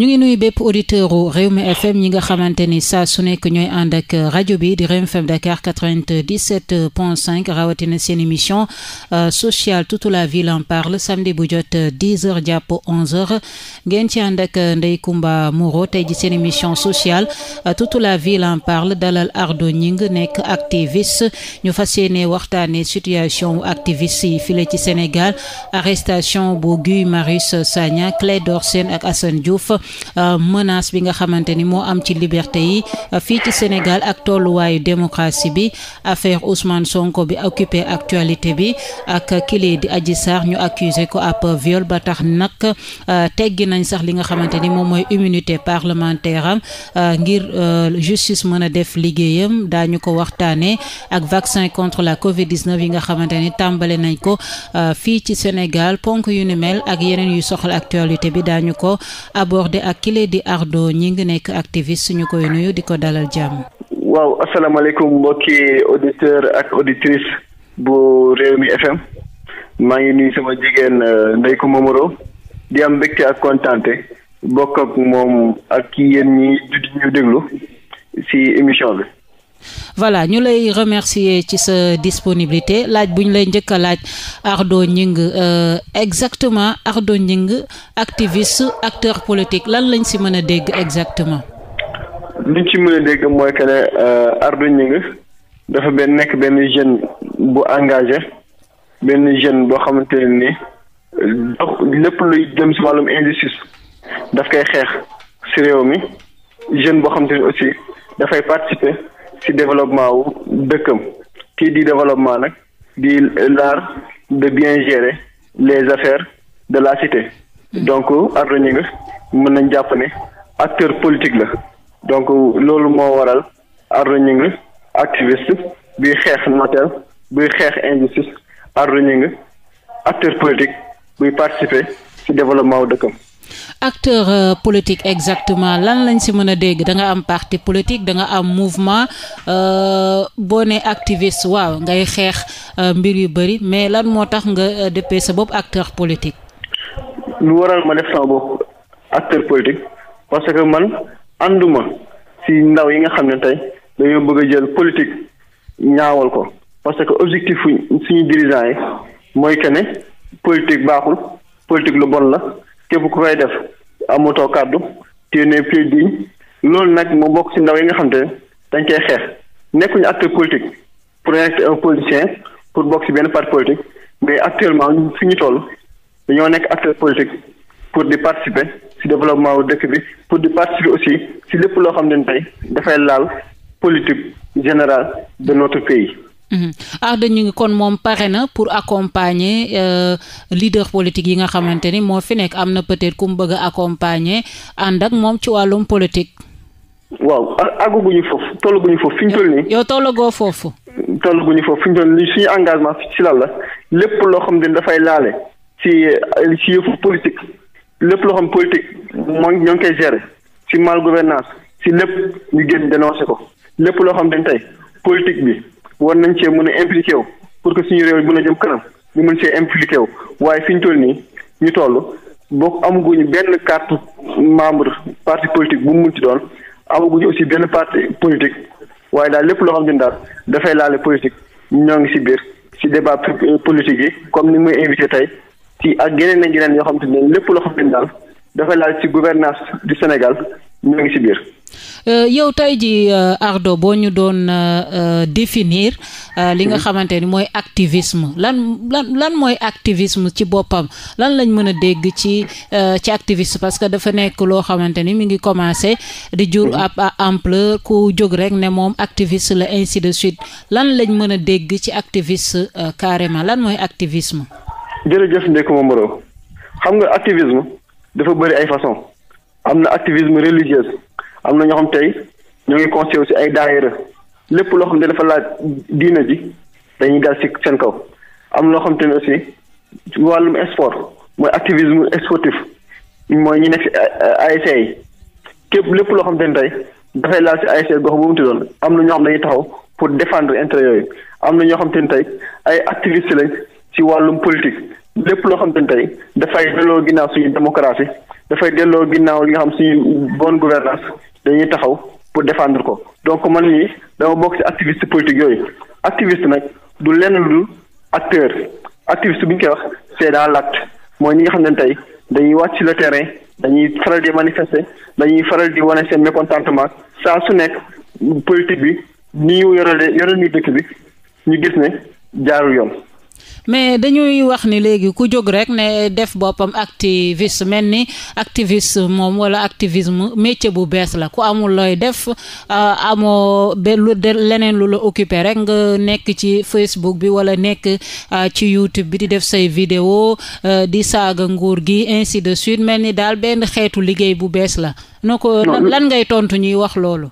ñu ngi nuyu bépp auditeur u Rewmi FM ñi nga xamante ni saa su nekk ñooy ànd ak rajo bi di Rewmi FM Dakar quatre vingt dix point cinq rawatina seen émission euh, sociale toute la ville en parle samedi bu jot euh, dix heures jàpp onze heures ngeen ci ànd ak euh, Ndeye Comba Moreau ji seen émission sociale toute la ville en parle dalal Ardo Gningue nekk activis ñu fas yéene waxtaane situation activiste yi file ci Sénégal arrestation bu Guy Marius Sagna Clédor Sène ak Assane Diouf Euh, menace bi nga xamante ni moo am ci liberté yi euh, fii ci Sénégal ak tolluwaayu démocratie bi affaire Ousmane Sonko bi occupé actualité bi ak kile di aji Sarr ñu accusé ko ab viol ba tax nag euh, teggi nañ sax li nga xamante ni moom mooy immunité parlementaire am ngir justice mën a def liggéeyam daañu ko waxtaanee ak vaccin contre la Covid 19 yi nga xamante ni tàmbale nañ ko fii ci Sénégal ponk yu ni mel ak yeneen yu soxla actualité bi daañu ko aborder accordé ak kile di Ardo ñi ngi nekk activiste suñu koy nuyu di ko dalal jàmm. waaw asalaamaaleykum mbokki auditeur ak auditrice bu réew mi FM maa ngi nuyu sama jigéen euh, Ndeye Coumba Moreau di am mbégte ak kontaante bokk ak moom ak yéen ñi ñu déglu ci émission bi. voilà ñu lay remercier ci sa disponibilité laaj bu ñu lay njëkk a laaj Ardo Gningue euh, exactement Ardo Gningue activist acteur politique lan lañ si mën a dégg exactement. liñ ci mën a dégg mooy que ne euh, Ardo Gningue dafa benn nekk benn jeune bu engagé benn jeune boo xamante ni lépp luy jëm si wàllum injustice daf koy xeex ci réew mi jeune boo xamante ni aussi dafay participer. ci développement wu dëkkam kii di développement nag di l'art de bien gérer les affaires de la cité donc Ardo mën nañ jàpp ni acteur politique la donc loolu moo waral Ardo Gningue activiste buy xeex nooteel buy xeex injustice Ardo Gningue acteur politique buy participer ci développement wu dëkkam acteur euh, politique exactement lan lañ si mën a dégg da am parti politique da nga am mouvement euh, boo ne activiste waaw ngay xeex euh, mbir yu bëri mais lan moo tax nga euh, dëppee sa bopp acteur politique. lu waral ma def sama bopp acteur politique parce que man ànduma si ndaw yi nga xam ne tey dañoo bëgg a jël politique ñaawal ko parce que objectif suñu dirigeant yi mooy que ne baaxul politique lu bon la. képp ku koy def amatoo kàddu te ne plus digne loolu nag mu bokk ci ndaw yi nga xam ne dañ koy xeex nekkuñu acteur politique pour être un politicien pour bokk ci benn part politique mais actuellement fi ñu toll dañoo nekk acteur politique pour di participer ci développement wu dëkk bi pour di participer aussi si lépp loo xam ne tey dafay laal politique général de notre pays. Mhm. Arda ñu ngi kon moom pare na pour accompagner euh, leader politique yi nga xamante ni moo fi nekk am na peut-être ku mu bëgg a accompagner ànd ak moom ci wàllum politique. waaw àgguñu foofu tollaguñu foofu fi ñu nii. yow tollagoo foofu. tollaguñu foofu fi ñu toll nii suñu engagement si lan la lépp loo xam ne dafay laale ci ci yëfu politique lépp loo xam politique moo ñoo ngi koy gérer ci mal gouvernance ci lépp ñu génn dénoncé ko lépp loo xam ne tey politique bi. war nañ cee mën a impliqué wu pour que suñu réew mën a jëm kanam ñu mun cee impliqué wu waaye fi ñu toll nii ñu toll bokk amaguñu benn carte membre parti politique bu mu munti doon amaguñu aussi benn parti politique waaye daal lépp loo xam ne daal dafay laale politique ñoo ngi si biir si débat politique yi comme ni muy invité tey ci ak yeneen nañ geneen yoo xam ne lépp loo xam ne daal. dafa laal ci gouvernance du Sénégal ñoo ngi ci biir. Euh, yow tey ji euh, Ardo boo ñu doon euh, définir li nga mhm. xamante ni mooy activisme lan lan lan mooy activisme ci boppam lan lañ mën a dégg ci ci activiste parce que dafa nekk loo xamante ni mi ngi commencé di jur mhm. ab ampleur ku jóg rek ne moom activiste la ainsi de suite lan lañ mën a dégg ci activiste carrément lan mooy activisme. jërëjëf Ndeye Comba Moreau xam nga activisme. dafa bëri ay façon am na activisme religieuse am na ñoo xam tey ñoo ngi conseillé ci ay daayira lépp loo xam ne dafa laaj diina bi dañuy dal ci seen kaw am loo xam te ne aussi ci wàllum sport mooy activisme sportif mooy ñi nekk ay ASC yi lépp loo xam te ne tey dafay laal ci ASC gox bu mu tuddoon am na ñoo xam dañuy taxaw pour défendre intérêt yooyu am na ñoo xam te ne tey ay activiste lañ ci wàllum politique lépp loo xam ne tey dafay delloo ginnaaw suñu démocratie dafay delloo ginnaaw li nga xam suñu bonne gouvernance dañuy taxaw pour défendre ko donc man nii dama bokk ci activiste politique yooyu activiste nag du lenn lu acteur activiste bu ñu koy wax c'est dans l'acte mooy ñi xam ne tey dañuy wàcc le terrain dañuy faral di manifester dañuy faral di wane seen mécontentement saa su nekk politique bi ni ñu yorale yorale ñu dëkk bi ñu gis ne jaarul yoon mais dañuy wax ni léegi ku jóg rek ne def boppam activiste mel ni activiste moom wala activisme métier bu bees la ku amul looy def euh, amoo benn lu leneen lu la occupé rek nga nekk ci Facebook bi wala nekk euh, ci YouTube bi di def say vidéo euh, di saaga nguur gi ainsi de suite mel ni daal benn xeetu liggéey bu bees la noo ko lan ngay tontu ñuy wax loolu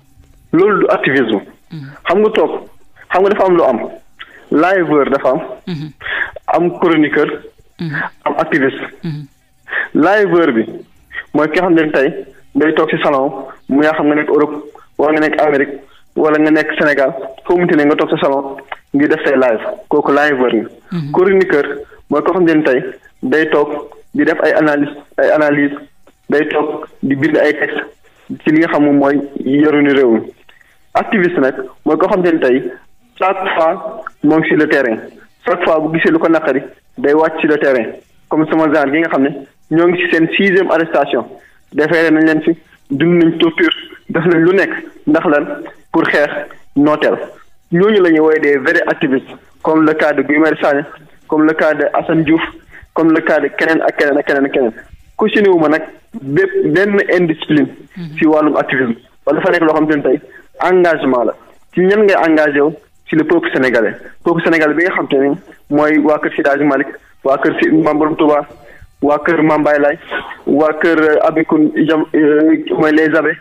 loolu du activisme hmm. xam nga toog xam nga dafa am lu am liveur dafa am. Mhm. am chroniqueur. Mhm. am activiste. Mhm. liveur bi mooy ki xam ne tey day toog ci salon mu yaa xam nga nekk Europe wala nga nekk Amérique wala nga nekk Sénégal foo munti ne nga toog sa salon ngi def say live kooku liveur nga. chroniqueur mooy ko xam ne tey day toog di def ay analyse ay day toog di bind ay texte ci li nga xam moom mooy yoruñu réew mi activiste nag mooy ko xam ne tey chaque fois moom si le terrain chaque fois bu gisee lu ko naqari day wàcc sur le terrain comme sama genre gi nga xam ne ñoo ngi si seen sixième arrestation defeere nañ leen fi dund nañ torture def nañ lu nekk ndax lan pour xeex nooteel ñooñu la ñuy woowee des vrais comme le cas de Guy Marius Sagna comme le cas de Assane Diouf comme le cas keneen a keneen ak keneen ak keneen cautionné wu ma nag bépp benn indiscipline mhm. si wàllum activisme wala fa nekk loo xam te tey engagement la ci ñan ngay engagé wu ci le peuple sénégalais peuple sénégalais bi nga xam te ne mooy waa kër Seydi Hadji waa kër si Maam Borom waa kër Maam Baye Laye waa kër euh, Abikoun euh, jam euh, mooy les abbés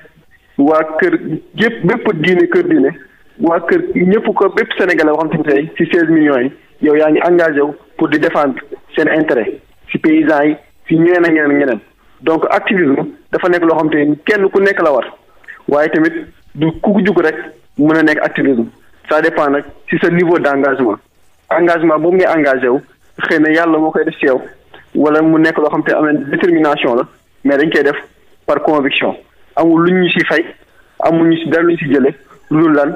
waa kër yëpp bépp diine kër diine waa kër ñëpp ko bépp sénégalais waxam te tey si seize millions yi yow yaa ngi engagé pour di défendre seen intérêt si paysans yi si ñeneen ak ñeneen ñeneen donc activisme dafa nekk loo xam te kenn ku nekk la war waaye tamit du ku jug rek mën a nekk activisme ça dépend nag ci sa niveau d' engagement engagement boobu ngay engagé wu xëy na yàlla moo koy def ci yow wala mu nekk loo xam te am na détermination la mais dañ koy def par conviction amul lu ñu ci fay amul ñu ci dara lu ñu ci jëlee lu lan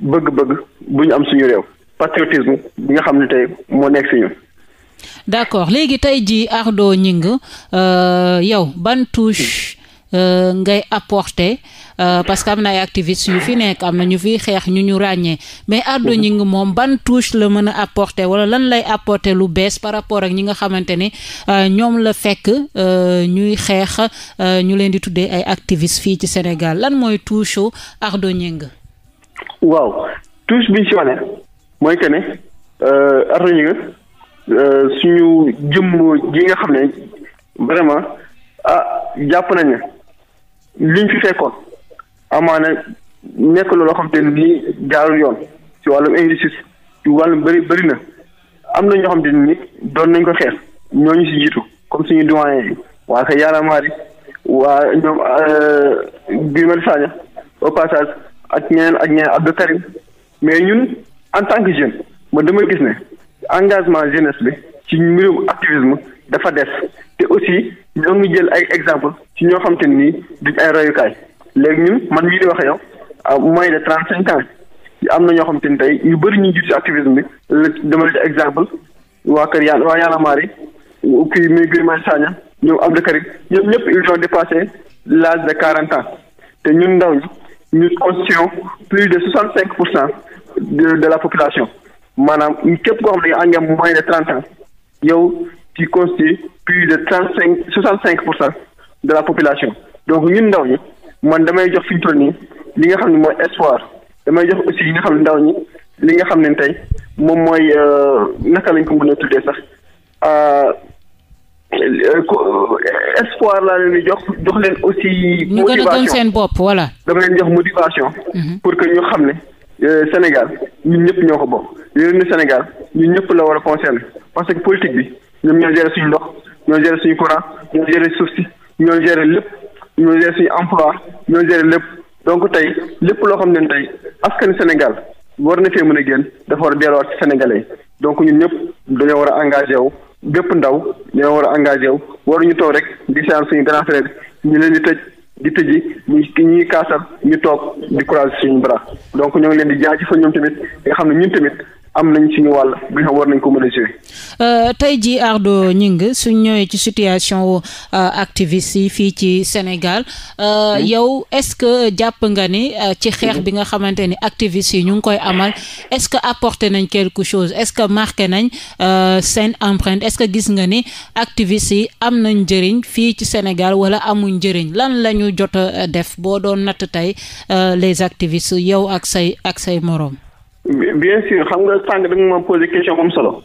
bëgg-bëgg bu ñu am suñu réew patriotisme bi nga xam ne tey moo nekk si ñun. d' accord léegi tey jii Ardo Gningue euh, yow ban touche. Euh, ngay apporter euh, parce que am na ay activistes yu fi nekk am na ñu fi xeex ñu ñu ràññee mais Ardo mhm. moom ban touche la mën a apporter wala lan lay apporter lu bees par rapport ak ñi nga xamante ni euh, ñoom la fekk ñuy xeex ñu leen di tuddee ay activistes fii ci Sénégal lan mooy touche Ardo waaw touche bi ci wane mooy que ne Ardo Gningue suñu ji nga xam ne vraiment ah jàpp nañ ne liñ fi fekkoon amaana nekk looloo xam te ni jaarul yoon ci wàllum injustice ci wàllum bëri bëri na am na ñoo xam te nii doon nañ ko xeex ñooñu si jiitu comme suñu doyen yi waa kay Y'en a waa ñoom euh, Guy Marius ak ñeen ak ñeneen Abdou mais ñun en tant que jeune ma dama gis ne engagement jeunesse bi ci mbirum activisme dafa des te aussi ñoo ngi jël ay exemple ci ñoo xam te nii di ay royukaay léegi ñun man mii di waxee yow moins de trente cinq ans am na ñoo xam te ni tey ñu bëri ñu jiitu si activisme bi la dama exemple waa kër yaa waa Yaana Mari kii muy Guy Sagna ñoom Abdou Karim ñoom ñëpp ils ont dépassé l'âge de quarante ans te ñun ndaw ñi ñu constituons plus de soixante cinq pour cent de de la population maanaam képp koo xam ne am nga moins de trente ans yow ci constitue plus de trente cinq soixante cinq pour cent de la population donc ñun ndaw ñi man damay jox fi ñu toll nii li nga xam ne mooy espoir damay jox aussi yi nga xam ne ndaw ñi li nga xam ne tey moom mooy euh, naka lañ ko mën a tuddee sax euh, euh, espoir laa leen di jox jox leen aussi. motivation ñu gën a gëm seen bopp voilà. Mm-hmm. que ñu xam ne Sénégal ñëpp ñoo ko bokk. yeneen ni Sénégal ñun ñëpp la war a concerner parce que politique bi ñoom ñoo gérer suñu ndox ñoo gérer suñu courant ñoo gérer suuf si. ñoo gérer lépp ñoo gérer suñu emploi ñoo gérer lépp donc tey lépp loo xam ne tey askan Sénégal war na fee mën a génn dafa war a delluwaat ci sénégalais donc ñun ñëpp dañoo war a engagé wu bépp ndaw dañoo war a engagé wu ñu toog rek di seetaan suñu grand frère ñu leen di tëj di tëji ñu ñuy kaasal ñu toog di courage suñu bras donc ñoo ngi leen di jaajëfal ñoom tamit nga xam ne ñun tamit am nañ suñu wàll euh, tey jii Ardo ñing suñ ñëwee ci situation euh, activiste yi fii ci Sénégal euh, yow est-ce que jàpp nga ni ci xeex bi nga xamante ni activiste yi ñu ngi koy amal est-ce que apporté nañ quelque chose est-ce que marqué nañ seen empreinte est-ce que gis nga ni activiste yi am nañ njëriñ fii ci Sénégal wala amuñ njëriñ lan la ñu jot def boo doon natt tey les activistes yow ak say ak say moroom. bien sûr xam nga sànq da nga ma posé question am solo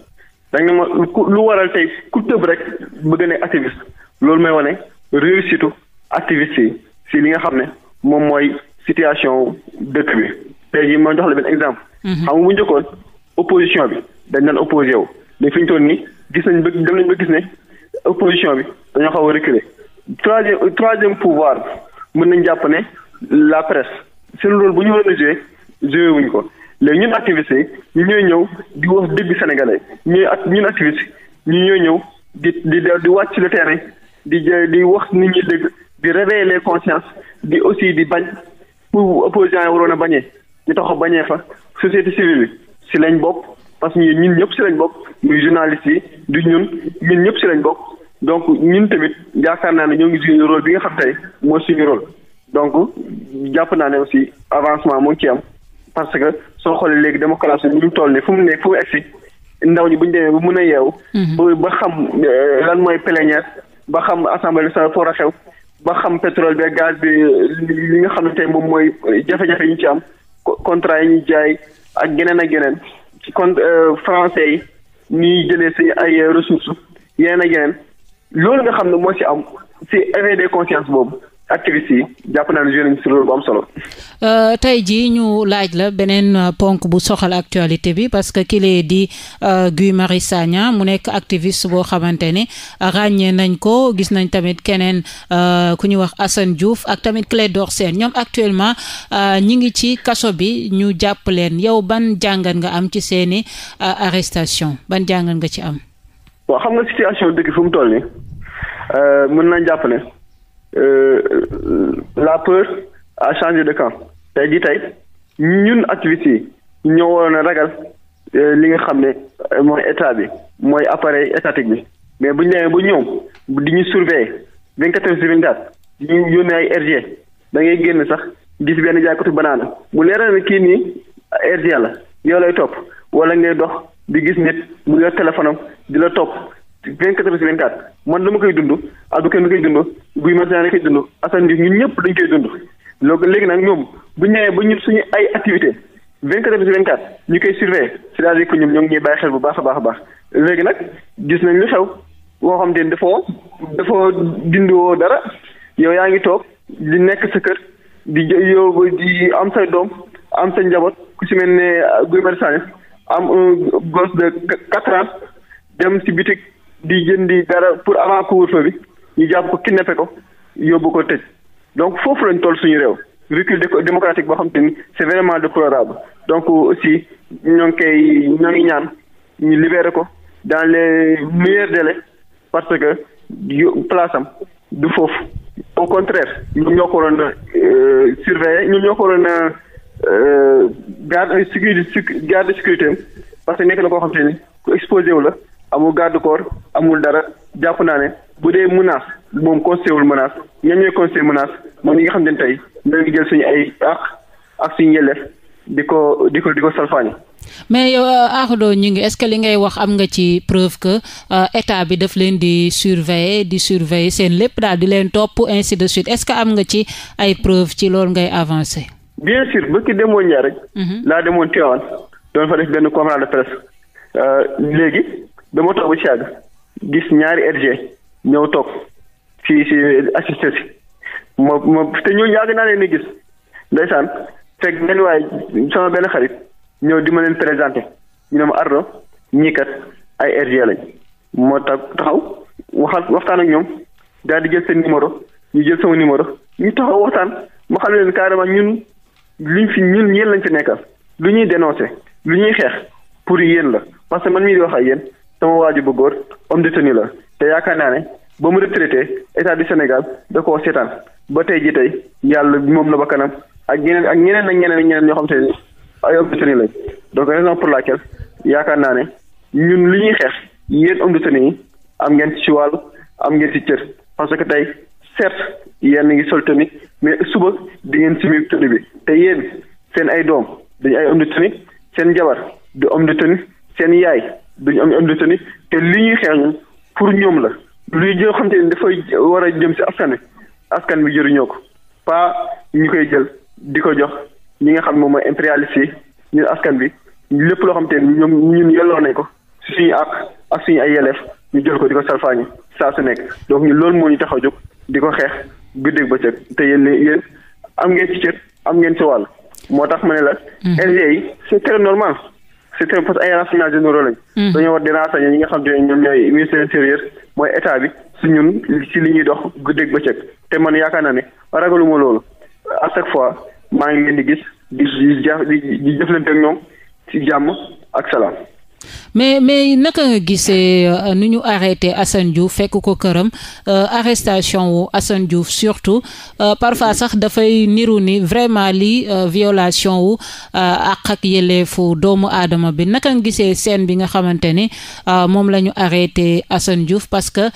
da nga ma lu waral tey ku tëb rek bëgg ne activiste loolu may wane réussite activiste yi si li nga xam ne moom mooy situation dëkk bi tey jii ma jox la benn exemple. Mhm. xam nga bu opposition bi dañ daan opposé wu mais fi ñu nii gis nañ ba dem nañ ba gis ne opposition bi dañoo xaw a reculer troisième troisième pouvoir mën nañ jàpp ne la presse seen rôle bu ñu war a joué joué wuñ ko. léegi ñun activiste yi ñooy ñëw di wax dëgg sénégalais ñooy ak ñun activiste ñu ñooy ñëw di di di wàcc le terrain di di wax nit ñu dëgg di réveiller les consciences di aussi di bañ pour opposants yi waroon a bañee ñu tax bañee fa société civile si lañ bokk parce que ñun ñëpp si lañ bokk muy journalistes yi di ñun ñun ñëpp si lañ bokk donc ñun tamit yaakaar naa ne ñoo ngi suñu rôle bi nga xam tey mooy suñu rôle donc jàpp naa ne aussi avancement mu ngi ci am. parce que soo xoolee léegi démocratie bi ñu toll nii fu mu ne fu mu egsi ndaw ñi bu ñu demee ba mën a yeewu. Mhm. ba xam euh, lan mooy plénière ba xam assemblée nationale foor a ba xam pétrole bi gaz bi li nga xam ne tey moom mooy jafe-jafe yi ñu ci am contrat yi ñuy jaay ak geneen a geneen ci kon euh, français yi ñuy jëlee si ay euh, ressources yeneen ak yeneen loolu nga xam ne moo ci am ci éveil des consciences boobu activistes yi jàpp naa ne joué nañu si bu am solo. Euh, tey jii ñu laaj la beneen euh, ponk bu soxal actualité bi parce que kile di euh, Guy Marius Sagna mu nekk activiste boo xamante ne ràññee nañ ko gis nañ tamit keneen ku ñuy wax Assane Diouf ak tamit door seen ñoom actuellement ñi ngi ci kaso bi ñu jàpp leen yow ban jàngat nga am ci seeni arrestation ban jàngat nga ci am. waaw xam nga situation dëkk fu toll nii mën nañ jàpp ne. Euh, la peur à changé de camp tey ji tey ñun activistes yi ñoo waroon a ragal euh, li nga xam ne mooy état bi mooy appareil étatique bi mais bu ñu demee ba ñoom di ñu surveiller vingt quatre heures sur vingt quatre ñu yónnee ay RG da ngay génn sax gis benn jaaykatu banaana mu leeral ne kii nii RG la yoo lay topp wala ngay dox di gis nit mu yor téléphone di la topp. 24 heures sur 24 man dama koy dund Abdou Karim koy dund Guy Marius Sagna koy dund Assane Diouf ñun ñëpp dañ koy dund loolu léegi nag ñoom bu ñu ñëwee ba ñun suñu ay activité 24 heures sur 24 ñu koy surveiller c'est-à-dire que ñoom ñoo ngi ñuy bàyyi xel bu baax a baax a baax léegi nag gis nañ lu xew woo xam te dafa dafa dindiwoo dara yow yaa ngi toog di nekk sa kër di yow di am say doom am sa njaboot ku ci mel ne Guy Marius Sagna am un gosse de 4 ans dem ci bitik di jëndi dara pour avant couvre-feu bi ñu jàpp ko kidnappé ko yóbbu ko tëj donc foofu lañu toll suñu réew recul démocratique boo xam te ni c'est vraiment déplorable donc aussi ñoo ngi koy ñoo ngi ñaan ñu libéré ko dans les meilleurs le parce que place am du foofu au contraire ñoom ñoo ko waroon a euh, surveiller ñoom ñoo ko waroon a euh, garde sécurité parce que nekk na koo xam te ni ku exposé wu la amul garde corps amul dara jàpp naa ne bu dee menace moom constaté wul menace ñoom ñooy constaté menace moom ñi nga xam ne tey ñoo ngi jël suñu ay àq ak suñu yelleef di ko di ko di ko salfaañi mais yow euh, Akh Doe Gningue est-ce que li ngay wax am nga ci preuve que euh, état bi daf leen di surveiller di surveiller seen lépp daal di leen topp ainsi de suite est-ce que am nga ci ay preuve ci loolu ngay avancer. bien sûr ba demoon ñaar rek. Mhm. laa demoon Tivaouane doon fa def benn conférence dama toog ba ci yàgg gis ñaari RG ñëw toog ci ci assisté si ma ma te ñooñu yàgg naa leen di gis ndeysaan fekk benn waaye sama benn xarit ñëw di ma leen présenté ñu ne ma Ardo ñii kat ay RG lañ moo tax taxaw waxal waxtaan ak ñoom daal di jël seen numéro ñu jël sama numéro ñu taxaw waxtaan ma xam leen carrément ñun luñ fi ñun yéen lañ fi nekkal lu ñuy dénoncé lu ñuy xeex pour yéen la parce que man mii di wax ak yéen. sama waaju bu góor homme de tenue la te yaakaar naa ne ba mu retraité état du Sénégal da koo seetaan ba tey ji tey yàlla moom la ba kanam ak ñeneen ak ñeneen ak ñeneen ñeneen ñoo xam te ni ay homme de tenue lañ donc raison pour laquelle yaakaar naa ne ñun li ñuy xeex yéen homme de tenue am ngeen ci wàll am ngeen ci cër parce que tey certes yéen ngi sol tenue mais suba di ngeen simi tenue bi te yéen seen ay doom dañu ay homme de tenue seen jabar di homme de tenue seen yaay duñu am indi seen te li ñuy xeex ñun pour ñoom la luy joo xam te ne dafay war a jëm si askan wi askan bi jëriñoo ko pas ñu koy jël di ko jox ñi nga xam moom mooy impérialiste yi ñun askan bi lépp loo xam ne ñoom ñun yelloo nañ ko suñu àq ak suñu ay yelleef ñu jël ko di ko salfaañi saa su nekk donc ñu loolu moo ñu tax a jóg di ko xeex ba bëccëg te yéen yéen am ngeen ci cër am ngeen ci wàll moo tax ma ne la. Mm-hmm. LG yi c'est très normal. surtout parce que ay renseignements généraux lañ. Mhm. dañoo war di renseigner ñi nga xam te ne ñoom ñooy ministère intérieur mooy état bi si ñun si li ñuy dox guddeeg bëccëg te man yaakaar na ne ragaluma loolu à chaque fois maa ngi leen di gis di di di jëflante ak ñoom ci jàmm ak salaam. mais mais naka nga gisee euh, nu ñu arrêté Assane Diouf fekk ko këram euh, arrestation wu Assane Diouf surtout euh, parfois sax dafay niru ni vraiment lii violation wu àq ak yelleefu doomu aadama bi naka nga gisee seen bi nga xamante ni moom la ñu arrêté Assane Diouf parce que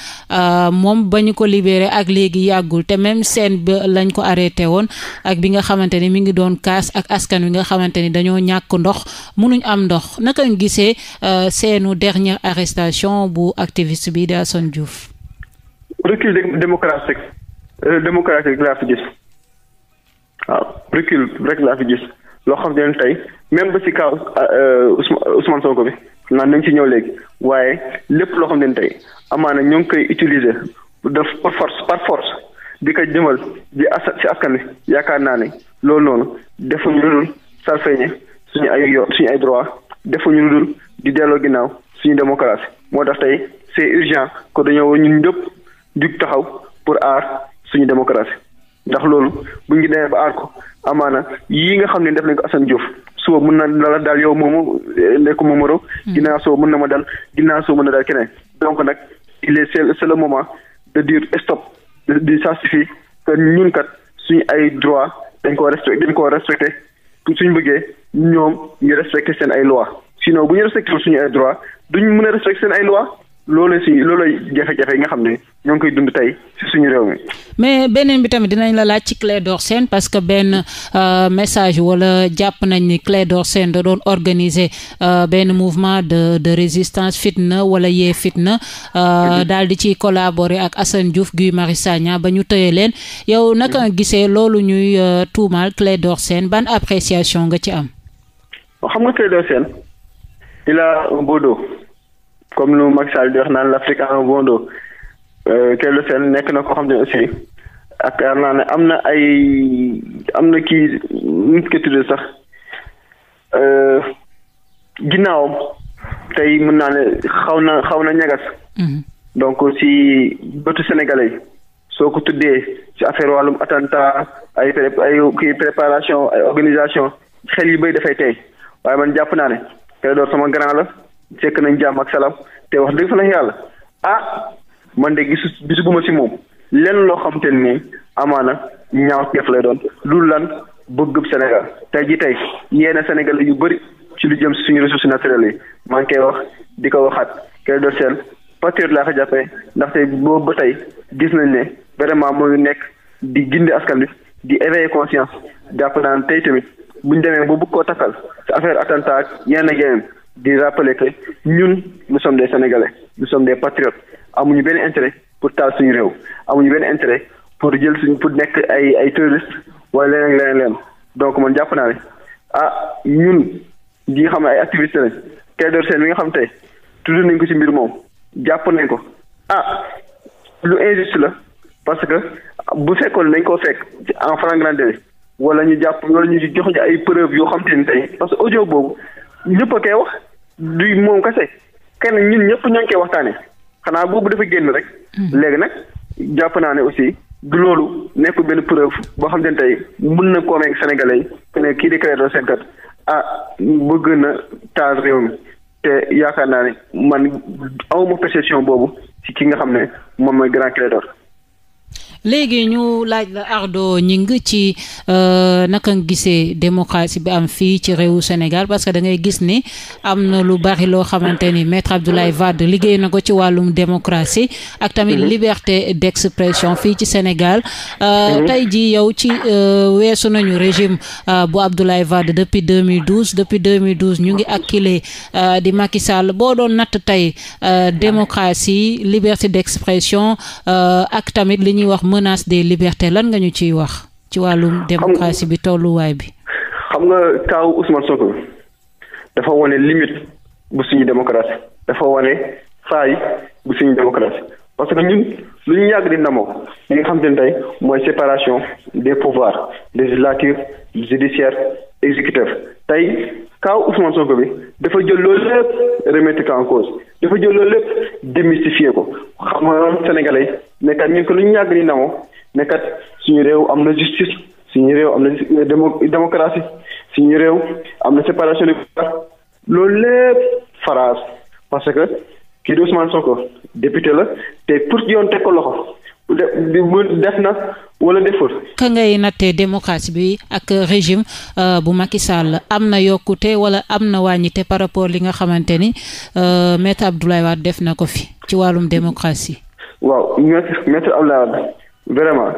moom ba ñu ko libéré ak léegi yàggul te même seen ba lañ ko arrêté woon ak bi nga xamante ni mi ngi doon kaas ak askan wi nga xamante ni dañoo ñàkk ndox mënuñ am ndox naka nga gisee. seenu dernière arrestation bu activiste bi di Assane Diouf. recul démocratique euh, démocratique laa fi gis waaw recul rek laa fi gis loo xam ne tey même ba ci kaw euh, Ousmane Sonko bi naan nañ ci ñëw léegi waaye lépp loo xam ne tey amaana ñoo ngi koy utiliser def par force par force di ko jëmal di as ci askan wi yaakaar naa ni loolu noonu defuñu lu dul salfeñe suñu ay yo suñu ay droit defuñu lu dul di delloo ginnaaw suñu démocratie moo tax tey c'est urgent que dañoo war ñu ñëpp jug taxaw pour aar suñu démocratie ndax loolu bu ngi nee ba aar ko amaana yi nga xam ne def nañ ko Assane Diouf suba mën na la daal yow moomu eh, nekk Momoro. Hmm. ginnaaw soo mën na ma dal ginnaaw soo mën na dal keneen. donc nag il est c'est le moment de dire stop di ça suffit que ñun kat suñu ay droit dañ koo respecté dañ koo respecté suñu buggee ñoom ñu respecté seen ay loi sinon bu ñu respecté suñu ay droit duñ mën a respecté seen ay loi loolu si loolooy jafe-jafe nga xam ne ñoo koy dund tey si suñu réew mi. mais beneen bi tamit dinañ la laaj ci Clédor Sène parce que benn euh, message wala jàpp nañ ni Clédor Sène da doon organiser euh, benn mouvement de de résistance fitna wala yee fitna. Euh, mhm. daal di ci collaborer ak Assane Diouf Guy Marius Sagna ba ñu tëye leen. yow naka mhm. gisee loolu ñuy tuumaal Clédor Sène ban appréciation nga ci am. xam nga Clédor Sène il a un beau dos comme lu Macky Sall di wax naan l'Afrique a un bon dos Clédor euh, nekk na ko xam ne aussi ak naa am na ay am na kii nit ko tuddee sax euh, ginnaawam tey mun naa ne xaw na xaw na ñagas mhm. donc si bëtu sénégalais soo ko tuddee si affaire wàllum attentat ay ay préparation ay organisation xel yi bay dafay tey waaye man jàpp naa ne Clédor sama grand la sekk nañ jàmm ak salaam te wax dëgg fa la yàlla ah man de gisu ma si moom lenn loo xam te nii amaana ñaaw teef lay doon lu lan bëggub Sénégal tey ji tey yenn Sénégal yu bëri ci lu jëm si suñu ressources naturelles yi maa ngi koy wax di ko waxaat Clédor Sène patriote laa ko jàppee ndaxte boobu ba tey gis nañ ne vraiment mooy nekk di gindi askan bi di éveiller conscience jàpp naa ne tey tamit bu ñu demee bu bugg koo takkal ci affaire attentat ak yenn ak di rappeler que ñun nous sommes des mu nous sommes des patriotes amuñu benn intérêt pour taal suñu réew amuñu benn intérêt pour jël suñ pour nekk ay ay terroristes wala leneen leneen leen donc man jàpp naa ne ah ñun ñi nga xam ay activistes lañ Clédor Sène mi nga xam tey tudd nañ ko ci mbir moom jàpp nañ ko ah lu injuste la parce que bu fekkoon lañ koo fekk en franc grandeur wala ñu jàpp wala ñu jox ñu ay preuve yoo xam te ni tey parce que audio boobu ñëpp a wax du moom kase kenn ñun ñëpp ñoo ngi koy waxtaanee xanaa boobu dafa génn rek. Hmm. léegi nag jàpp naa ne aussi du loolu nekk benn preuve boo xam te ne tey mën na convaincre sénégalais yi kii di Clédor Sène kat ah gën a taal réew mi te yaakaar naa ne man awma perception boobu ci ki nga xam ne moom mooy grand Clédor. léegi ñu laaj la Ardo Gningue ci euh, naka nga gisee démocratie bi am fii ci réewu Sénégal parce que da ngay gis ni am na lu bari loo xamante ni maître Abdoulaye Wade liggéey na ko ci wàllum démocratie ak tamit mhm. liberté d'expression fii ci Sénégal euh, mhm. tey ji yow ci euh, weesu nañu régime bu Abdoulaye Wade depuis 2012 depuis 2012 ñu ngi acculé di Macky Sall boo doon natt tey démocratie liberté d'expression ak tamit li ñuy wax menace des libertés lan nga ñu ciy wax ci wàllum démocratie bi tolluwaay bi xam nga kaaw Ousmane Sonko dafa wane limite bu suñu démocratie dafa wane faay bu suñu démocratie parce que ñun lu ñu yàgg di ndamoo li nga xam te ne tey mooy séparation des pouvoirs législatif judiciaire exécutif tey kaw Ousmane Sonko bi dafa jël loolu lépp remettre ko en cause dafa jël loolu lépp démystifier ko xam nga sénégalais ne kat ñun ko lu ñu ñàgg ni namoo ne kat suñu réew am na justice suñu réew am na démocratie suñu réew am na séparation des pouvoirs loolu lépp phrase parce que kii di Ousmane ko député la te pour yoon teg ko loxo def na wala deful. ka ngay nattee démocratie bi ak régime euh, bu Macky la am na yokkute wala am na wàññite par rapport li nga xamante ni euh, maître Abdoulaye Wade def na ko fi ci wàllum démocratie. waaw maître maître Abdoulaye vraiment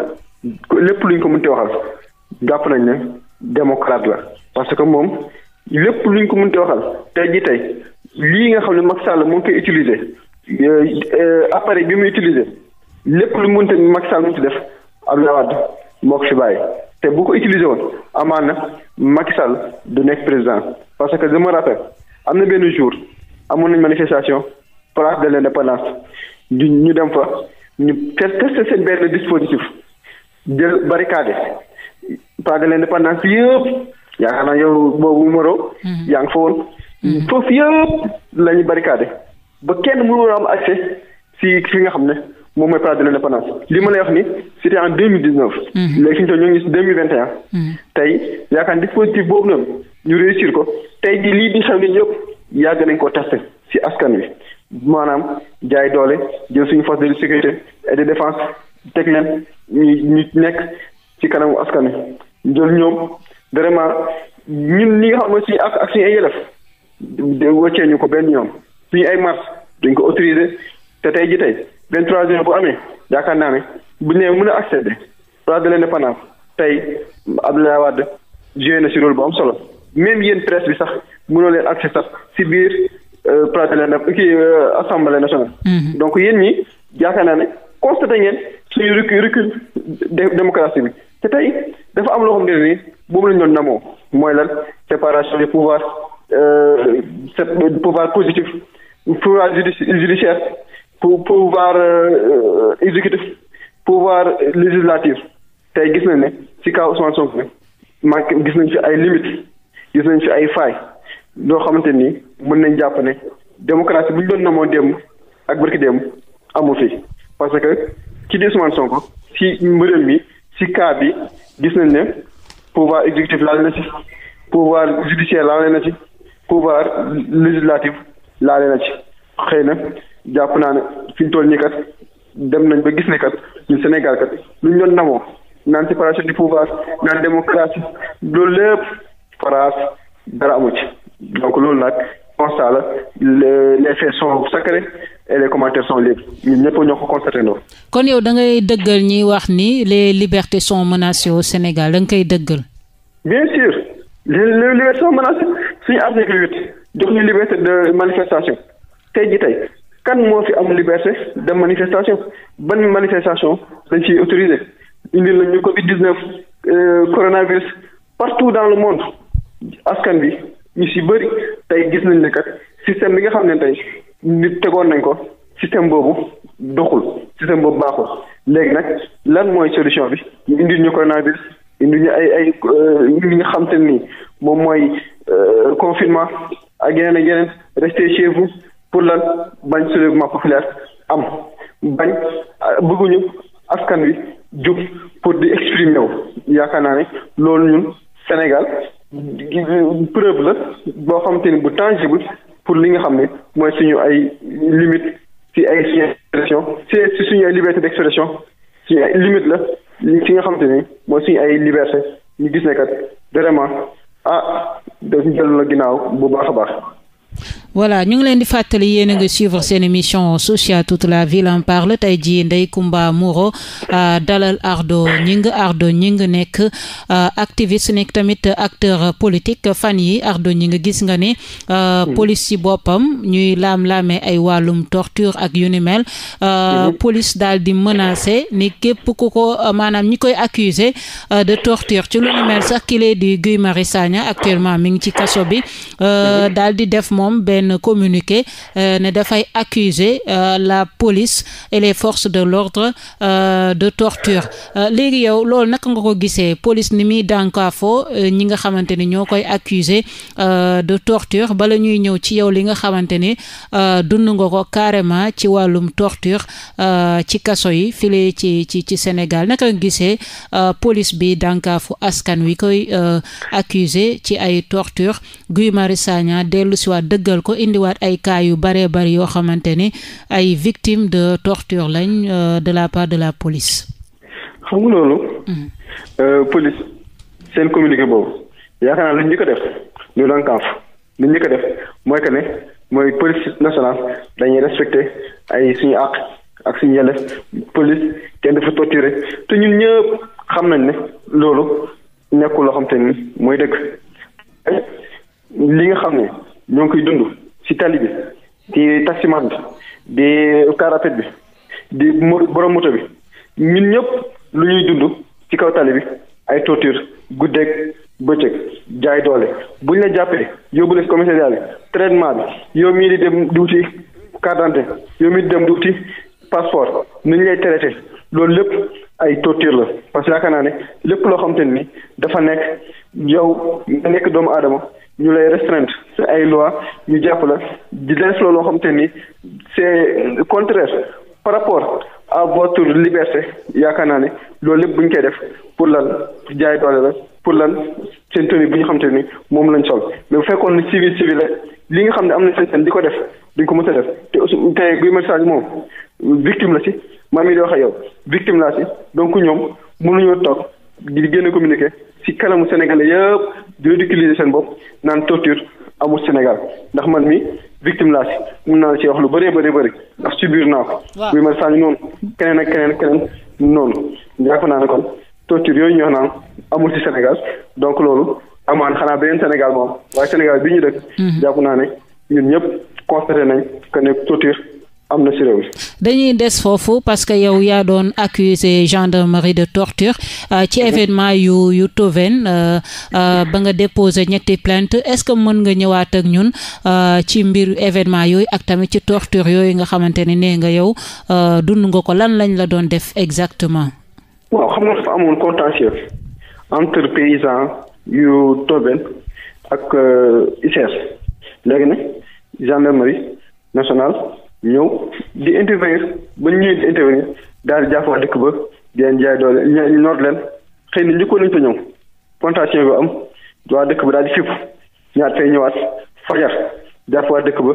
lépp luñ ko mënti waxal jàpp nañ ne démocrate la parce que moom lépp luñ ko mënti waxal tey ji tey lii nga xam ne Macky Sall moo koy utiliser euh, appareil bi muy utiliser. lépp lu mënta Macky Sall mu ci def Abdoulaye Wade moo ko fi bàyyi te bu ko utilisé woon amaan na Macky Sall du nekk président parce que je me am na benn jour amoon nañ manifestation place de l' indépendance ñu ñu dem fa ñu testé seen benn dispositif jël barricade place de l' indépendance yëpp yaakaar naa yow boobu numéro. Mhm. yaa ngi fa woon. Mhm. foofu yëpp la ñu ba kenn mënu am accès si fi nga xam ne. moom mooy place de l'indépendance li ma lay wax ni c'était en deux mille dix neuf. Mhm. léegi ñu ngi si vingt et mhm. tey yaakaar dispositif boobu noonu ñu réussir ko tey jii lii di xam ne yëpp yàgg nañ ko testé si askan wi maanaam jaay doole jël suñu force de sécurité et de défense teg leen ñu ñu nekk ci kanamu askan wi jël ñoom vraiment ñun li xam ne suñu ak ak suñu ay yelef wëccee ñu ko benn ñoom suñu ay marche duñ ko autorisé te tey ji tey. 23 juin bu amee yaakaar naa ne bu ñu nee mën a accéder place de l'indépendance la Abdoulaye Wade joué na si rôle bu am solo même yéen presse bi sax mënoo leen accès sax si biir place euh, de l'indépendance ki euh, assemblée nationale. Mhm. donc yéen ñi yaakaar naa ne constaté ngeen suñu recul recul démocratie bi te tey dafa am loo xam ne nii boobu lañ doon namoo mooy lan séparation des pouvoirs euh, pouvoir positif pouvoir judiciaire pour pouvoir euh, euh, exécutif pouvoir législatif tey gis na ne ci kaw Ousmane Sonko manqué gis nañ ci ay limites gis nañ ci ay failles loo xamante ni mën nañ jàpp ne démocratie bu ñu na moo démb ak barki démb amu fi parce que ci di Ousmane Sonko ci mbërëm mi ci cas bi gis nañ ne pouvoir exécutif laale na ci pouvoir judiciaire laale na ci pouvoir législatif laale na ci xëy na jàpp naa ne fi ñu toll nii kat dem nañ ba gis ne kat ñun Sénégal kat lu ñu doon namoo naan séparation du pouvoir naan démocratie loolu lépp France dara amu ci donc loolu nag constat la les faits sont sacrés et les commentaires sont libres ñun ñëpp ñoo ko constaté noonu. kon yow da dëggal ñi wax ni les libertés sont menacées Sénégal da dëggal. bien sûr les les libertés sont menacées suñu article huit jox ñu liberté de manifestation tey ji tey. kan moo fi am liberté de manifestation ban manifestation dañ ciy autorisé indil nañu Covid 19 euh, coronavirus partout dans le monde askan bi ñu si bëri tey gis nañ ne kat système bi nga xam ne tey nit tegoon nañ ko système boobu doxul système boobu baaxul léegi nag lan mooy solution bi ñu indil ñu coronavirus indi ñu ay ay euh, li nga xam te nii moom mooy euh, confinement ak yeneen ak yeneen rester chez pour la bañ soulèvement populaire am bañ euh, bëgguñu askan wi jub pour di exprimer yaakaar naa ne loolu ñun Sénégal euh, preuve la boo xamante ni bu tangible pour li nga xam ne mooy suñu ay limite ci ay expression ci ci suñu ay liberté d'expression suñu ay limite la ci nga xamante ni mooy suñu ay liberté ñu gis ne kat vraiment ah dañu dellu la ginnaaw bu baax a baax voilà ñu ngi leen di fàttali yéen a ngi suivre seen émission sociale toute la ville en parle tey jii Ndeye Comba Moreau euh, dalal Ardo Gningue Ardo Gningue nekk euh, activiste nekk tamit acteur politique fan yi Ardo Gningue gis nga ne euh, police ci boppam ñuy laam-laamee ay wàllum torture ak yu ni mel mhm. police daal di menacer ni képp ku ko maanaam ñi koy accuser de torture ci lu ni mel sax kile di Guy Marius Sagna actuellement mi ngi ci kaso bi mhm. daal di def moom benn communiqué euh, ne dafay accuser euh, la police et les forces de l'ordre euh, de torture léegi yow lool naka nga ko gisee police ni muy dànkaafoo ñi nga xamante ni ñoo koy accuser de torture bala ñuy ñëw ci yow li nga xamante ni dund nga ko carrément ci wàllum torture ci kaso yi file ci ci ci Sénégal naka nga gisee police bi dànkaafu askan wi koy accuser ci ay torture Guy Marius Sagna dellu dëggal ko indiwaat ay cas yu baree bari yoo xamante ni ay victimes de torture lañ euh, de la part de la police. xam nga loolu. Mm-hmm. Euh, police seen communiqué boobu yaakaar naa lu ñu ko def ñu doon kaaf lu ñu ko def mooy que ne mooy police nationale dañuy respecte ay suñu àq ak suñu yelleef police kenn dafa torturé te ñu ñëpp xam nañ ne loolu nekkul loo xam te ni mooy dëgg li nga xam ne ñoo koy dund. ci tali bi ci taximan bi di car bi di mo borom moto bi ñun ñëpp lu ñuy dund ci kaw tali bi ay torture guddeeg bëccëg jaay doole bu ñu la jàppee yóbbu la si bi traitement bi yow mii di dem di wuti yow mii di dem di wuti passeport nu ñu lay traité loolu lépp ay torture la parce que yaakaar naa ne lépp loo xam te ni dafa nekk yow nga nekk doomu aadama ñu lay restreindre ci ay loi ñu jàpp la di def looloo xam te ni c'est contraire par rapport à votre liberté yaakaar naa ne loolu lépp bu ñu koy def pour lan jaay doole la pour lan seen tenue bu ñu xam te ni moom lañ sol mais bu fekkoon ne civil civil la li nga xam ne am na sañ-sañ di ko def duñ ko mës a def te aussi tey guy message moom victime la si maam mii di wax ak yow victime laa si donc ñoom mënuñoo toog di génne communiqué si kanamu sénégalais yëpp di ridiculiser seen bopp naan torture amul Sénégal ndax man mi victime laa si mun naa si wax lu bëree bëri bari ndax subir naa ko. waaw ma man sànni noonu keneen ak keneen keneen noonu jàpp naa ne kon torture yooyu ñu wax naan amul si Sénégal donc loolu amaan xanaa beneen Sénégal moom waaye Sénégal bi ñu dëkk. Mhm. jàpp naa ne ñëpp constaté nañ que ne torture. am na si réew mi dañuy des foofu parce que yow yaa doon accusé gendarmerie de torture euh, ci mhm. événement yu yu Tovene euh, euh, ba nga déposé ñetti plante est-ce que mën nga ñëwaat ak ñun ci mbir événement yooyu ak tamit ci torture yooyu nga xamante ne nee nga yow dund nga ko lan lañ la doon def exactement. waaw xam nga dafa amoon contentieux entre paysans yu Tovene ak ICS e léegi nag gendarmerie nationale. ñëw di intervenir ba ñu ñëwee di intervenir daal di dëkk ba di leen jaay doole ñu noot leen xëy na njëkkoon nañu ko ñëw plantation bi am waa dëkk ba daal di fipp ñaat fay ñëwaat fajar jàpp waa dëkk ba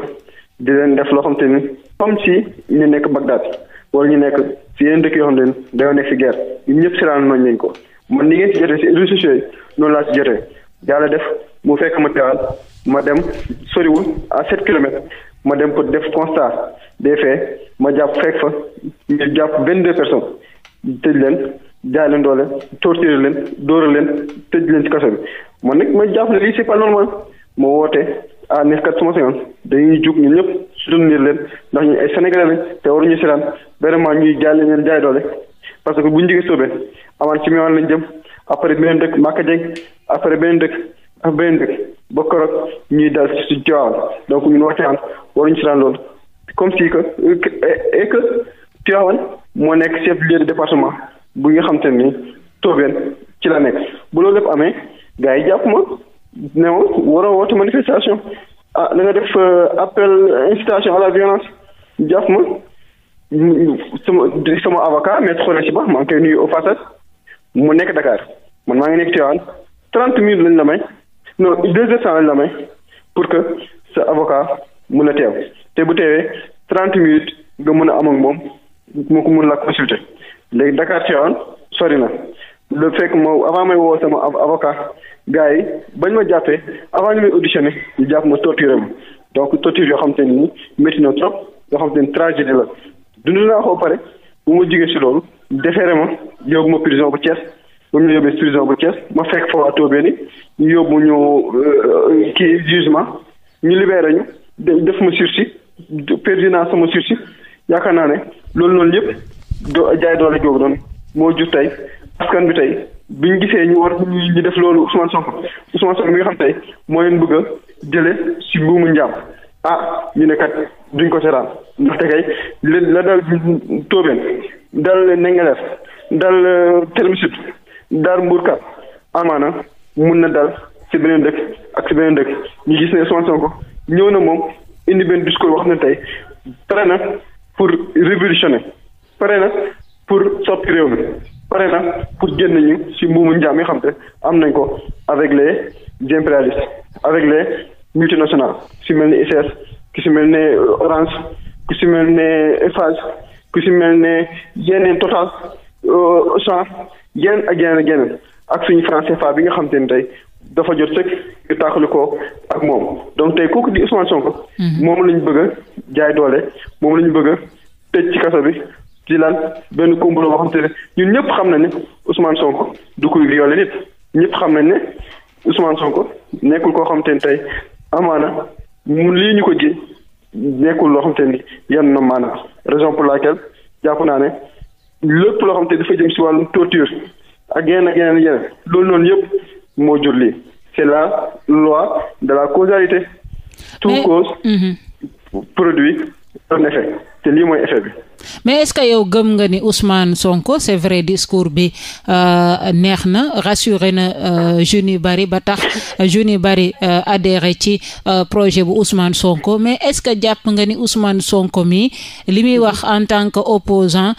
di leen def loo xam te ni comme si ñu nekk Bagdad wala ñu nekk si yeneen dëkk yoo xam te ni dañoo nekk si guerre ñun ñëpp siraan nañ leen ko man ni ngeen si jotee si réseaux sociaux yi si jotee yàlla def mu fekk ma teewaat ma dem soriwul à sept kilomètres ma dem ko def constat des faits ma jàpp fekk fa ñu jàpp vingt deux personnes tëj leen jaay leen doole torturer leen dóoral leen tëj leen ci kaso bi man nag ma jàpp ne lii c'est pas normal ma woote ah neef kat suma seyoon dañuy ñu ñun ñëpp soutenir leen ndax ñu ay sénégalais lañ te waruñu seetaan vraiment ñuy jaay leen jaay doole parce que bu ñu jógee soobee amaan ci miwaan lañ jëm après beneen dëkk Maka Dieng après beneen dëkk ak beneen dëkk. ba korog ñuy dal ci suñ Tiwaawan donc ñun waxtaan waruñu si daan loolu comme si que et moo nekk chef lieu de département bu nga xam te ni Tobène ci la nekk bu loolu lépp amee gars yi jàpp ma ne ma waroo woote manifestation ah da nga def euh, appel incitation à la violence jàpp ma sama sama avocat maître Khoureyssi Ba maa ngi koy nuyu au passage mu nekk dakaar man maa ngi nekk Tiwaawan trente mille lañ la may. no deux heures temps la may pour que sa avocat mun a teew te bu teewee trente minutes nga mun a am ak moom moo ko mun la consulter léegi Dakar Tivaouane sori na le fekk moo avant may woo sama avocat gars yi bañ ma jàppee avant ñu may jàpp ma torturé ma donc torture yoo xam te ni métti na trop yoo xam te ni tragédie la dund naa ko pare bu ma jugee si loolu defeere ma yóbbu ma prison bu Thiès bu ñu yóbbee prison bu Thiès ma fekk fa waa Tobéni ñu yóbbu ñu euh, kii jugement ñu libéré ñu def ma sursis perdu sama sursis yaakaar naa ne loolu noonu yëpp do jaay doole googu doon moo jur tey askan bi tey bu ñu gisee ñu war ñu def loolu Ousmane Sonko Ousmane Sonko mi nga xam tey moo leen bëgg a jële si buumu njàpp ah ñu ne kat duñ ko seetaan ndaxte kay la dal Tobéni dal Ndingler dal euh, Terme Sud Daaru Mbuur kat amaana mun na dal si beneen dëkk ak ci beneen dëkk ñu gis ne Ousmane ko ñëw na moom indi benn discours wax na tey pare na pour révolutionner pare na pour soppi réew pare na pour génn ñu ci mbuumu njaam yi xam te am nañ ko avec les impérialistes avec les multinationales ci mel ni ICS ki si mel ne Orange ki si mel ne Eiffage ki si mel ne yeneen Total chance euh, genn ak genn ak genn ak suñu franc CFA bi nga xam te ni tey dafa jot sëkk ñu tàqali ko ak moom donc tey kooku di Ousmane Sonko mhm. moom lañu bëgg a jaay doole moom lañu bëgg a tëj ci kaso bi ci benn complot boo xam te ne ñëpp xam nañ ne Ousmane Sonko du kuy violé nit ñëpp xam nekkul koo xam te ne tey amaana mu lii ñu ko ji nekkul loo xam te ni yenn na maanaam raison pour laquelle jàpp naa ne lépp loo xam te dafa jëm si wàllum torture ak yeneen ak yeneen yeneen loolu noonu yëpp moo jur lii c'est la loi de la causalité. tout cause. Mhm. produit un te lii mooy effet bi. mais est-ce que yow gëm nga ni Ousmane Sonko c'est vrai discours bi euh, neex na rassuré na euh, jeunes yu bari ba tax jeunes yu bari euh, adhéré ci projet bu Ousmane Sonko mais est-ce que jàpp nga ni Ousmane Sonko mi li muy wax en tant que opposant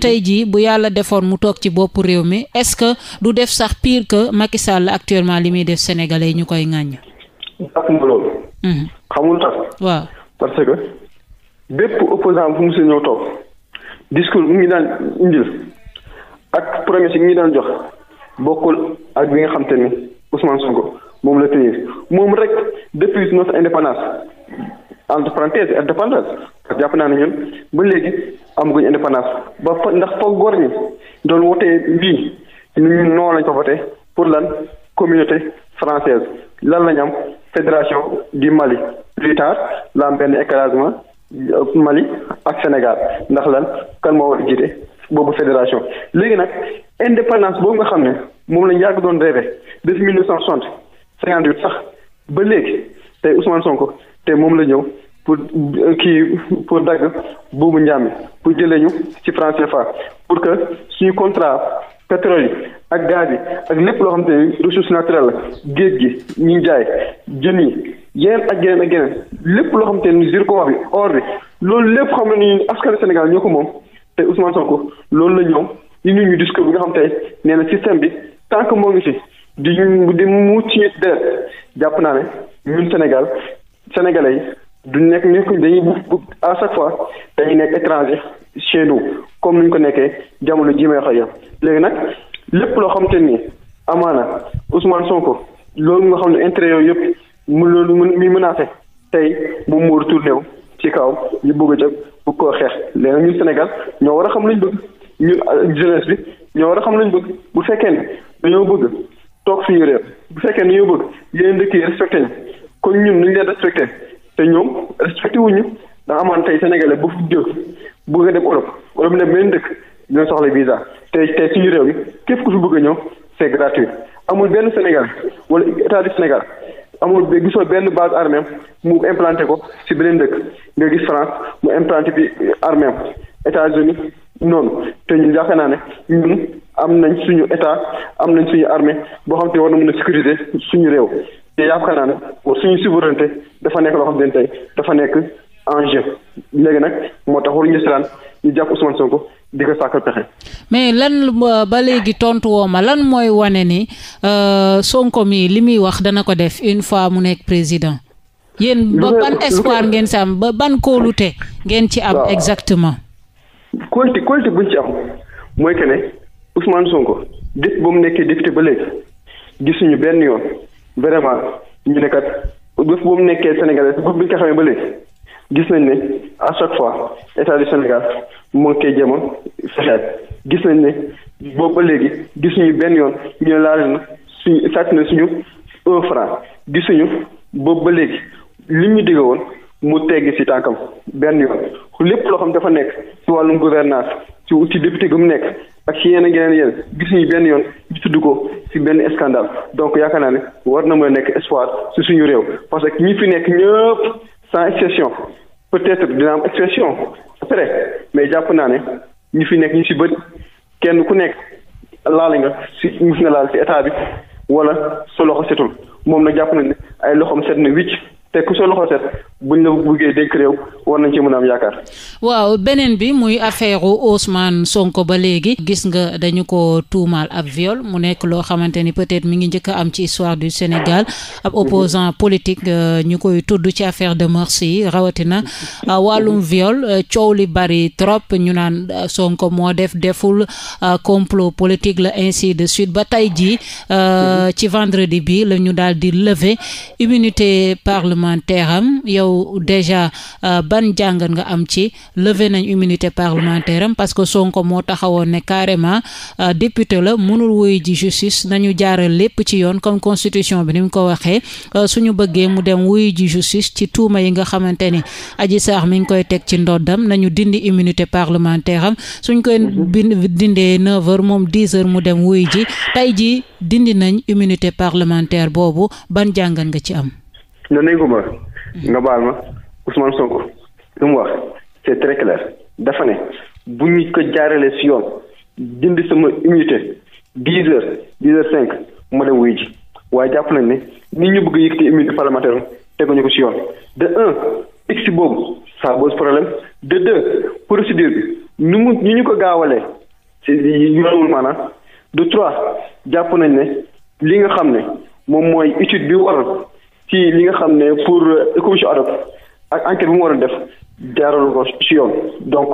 tey jii bu yàlla defoon mu toog ci bopp réew mi est-ce que du def sax piir que Macky Sall actuellement li muy def sénégalais yi ñu koy ŋàññ. Mhm. xamul tax. bépp opposant bu mu si ñëw toog discours bu ñu daan indil ak promesse yi ñu daan jox bokkul ak bi nga xam te ni Ousmane Sonko moom la tenir moom rek depuis notre indépendance entre parenthèse jàpp naa ne ñun ba léegi amaguñ indépendance ba ndax foog góor ñi doon wotee lii ñun noonu lañ ko voté pour lan communauté française lan lañ am fédération du Mali plus tard la am benn écrasement Mali ak Sénégal ndax lan kan moo war a boobu fédération léegi nag indépendance boobu nga xam ne moom lañ yàgg doon rêvé depuis mille neuf cent soixante cinquante yu sax ba léegi tey son ko te moom la ñëw pour euh, kii pour dagg boobu njaam pour jëlee ñu ci franc CFA pour que suñu contrat pétrole yi ak gaz yi ak lépp loo xam te ressource naturelle la géej gi ñu jaay jën yi yeneen ak yeneen ak yeneen lépp loo xam te ni zircon bi or bi loolu lépp xam ne ni askanu Sénégal ñoo ko moom te Ousmane Sonko loolu la ñoom ñu ngi ñu discours bi nga xam tey nee na système bi tant que moo ngi fi di ñu di mu ci deret jàpp naa ne ñun Sénégal sénégalais yi du nekk nekk dañuy à chaque fois dañuy nekk étranger chez nous comme ni ñu ko nekkee jamono ji may wax ak léegi nag lépp loo xam te ni amaana Ousmane ko loolu nga xam ne intérêt yooyu yëpp mu loolu mu muy menacé tey bu mu retourné wu ci kaw ñu bëgg a jóg bu koo xeex léegi nag Sénégal ñoo war a xam lañ bëgg ñun jeunesse bi ñoo war a xam lañ bëgg bu fekkee ne dañoo bëgg toog fii réew bu fekkee ne dañoo bëgg yeneen dëkk yi ko ñu kon ñun nañ leen respecté te ñoom respecté wuñu daa amaan tey Sénégalais bu fu bëgg dem Europe wala mu dem benn dëkk dina soxla visa te te suñu réew mi képp ku fi bëgg a ñëw c' gratuit amul benn Sénégal wala état du Sénégal amul gisoo benn base armée mu implanté ko si beneen dëkk nga gis France mu implanté bi armée États-Unis noonu te ñu yaakaar naa ne am nañ suñu état am nañ suñu armée boo xam te war na mën a sécuriser suñu réew te yaakaar naa ne suñu souveraineté dafa nekk loo xam ne tey dafa nekk. en léegi nag moo tax waruñu seetaan ñu jàpp Ousmane Sonko di ko sàkkal pexe. mais lan ba léegi tontu woo ma lan mooy wane ni euh, Sonko mi li muy wax dana ko def une fois mu nekk président. yéen ba ban espoir ngeen si am ba ban kóolute ngeen ci am. exactement. kóolute kóolute buñ ci am mooy que ne Sonko def ba mu nekkee député ba léegi gisuñu benn yoon vraiment ñu ne def ba mu nekkee Sénégalais bi nga xamee ba léegi. gis nañ ne à chaque fois état du Sénégal moo koy jéem a gis nañ ne boobu ba léegi gisuñu benn yoon ñu laal na suñu sàcc na suñu un franc gisuñu boobu ba léegi li ñu digg woon mu tegg ci tànkam benn yoon lépp loo xam dafa nekk ci wàllum gouvernance ci ci député gu mu nekk ak ci yeneen yeneen gis gisuñu benn yoon ñu tudd ko ci benn scandale donc yaakaar naa ne war na mën nekk espoir ci suñu réew parce que ñi fi nekk ñëpp. sans exception peut-être dina am exception après mais jàpp naa ne ñu fi nekk ñu si bëri kenn ku nekk laal nga si mus nga laal si état bi wala sa loxo setul moom na jàpp na ne ay loxoom set na wicc te ku sa loxo set buñ la buggee dénk réew war nañ ci mën am yaakaar. waaw beneen bi muy affaire Ousmane Sonko ba léegi. gis nga dañu ko tuumaal ab viol mu nekk loo xamante ni peut-être mi ngi njëkk am ci histoire du Sénégal ab opposant politique euh, ñu koy tudd ci affaire de mœurs yi rawatina euh, wàllum viol euh, coow li bari trop ñu naan Sonko moo def deful complot politique la ainsi de suite ba tey jii ci vendredi bi lañu ñu daal di lever immunité parlementaire parlementaire am yow déjà euh, ban jàngat nga am ci levé nañ immunité parlementaire am parce que Sonko moo taxawoon ne carrément euh, député la mënul wuy ji justice nañu jaaral lépp ci yoon comme constitution bi ni mu ko waxee euh, suñu bëggee mu dem wuy ji justice ci tuuma yi nga xamante ni aji Sarr mi ngi koy teg ci ndoddam nañu dindi immunité parlementaire am suñ koy dindee neuf heures moom dix heures mu dem wuy ji tey ji dindi nañ immunité parlementaire boobu ban jàngat nga ci am non nañ ko ma nga baal ma Ousmane Sonko lu mu wax c'est très dafa ne bu ñu ko jaaralee si yoon jënd sama immunité dix heures dix heures cinq ma dem wuyu ji waaye jàpp nañ ne nit ñu bëgg a yëkkati immunité parlementaire teguñu ko si yoon de un x boobu ça pose problème de deux procédure bi nu ñu ñu ko gaawalee si yoonul maanaam de trois jàpp nañ ne li nga xam ne moom mooy étude bi waral ci li nga xam ne pour commission ad hoc ak enquête bu mu war a def jaaralu ko si yoon donc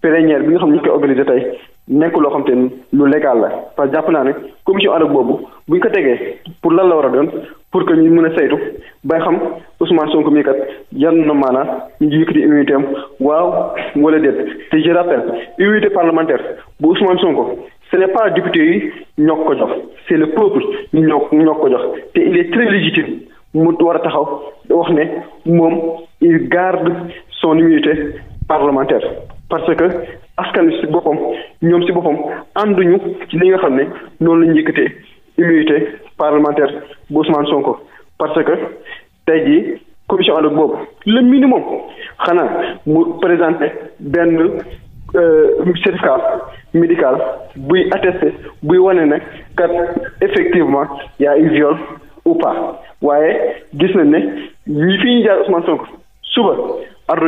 plénière bi nga xam ne ñu koy organiser tey nekk loo xam te ni lu légal la parce jàpp naa ne commission ad hoc boobu bu ñu ko tegee pour lan la war a doon pour que ñu mën a saytu ba xam Ousmane Sonko mii kat yan na maanaam ñu ngi yëkkati immunité am waaw wala déet te je rappelle immunité parlementaire bu Ousmane Sonko ce n'est pas député yi ñoo ko jox c'est le peuple ñoo ñoo ko te il est mu war a taxaw wax ne moom il garde son immunité parlementaire parce que askan wi ci boppam ñoom ci boppam ànduñu ci li nga xam ne noonu lañu yëkkatee immunité parlementaire bu son ko parce que tey jii commission boobu hoc mi le minimum xanaa mu présenter benn euh, certificat médical buy attesté buy wane nag kat effectivement yaa a eu ou waaye gis na ne lii fi ñu jaar Ousmane Sonko suba Ardo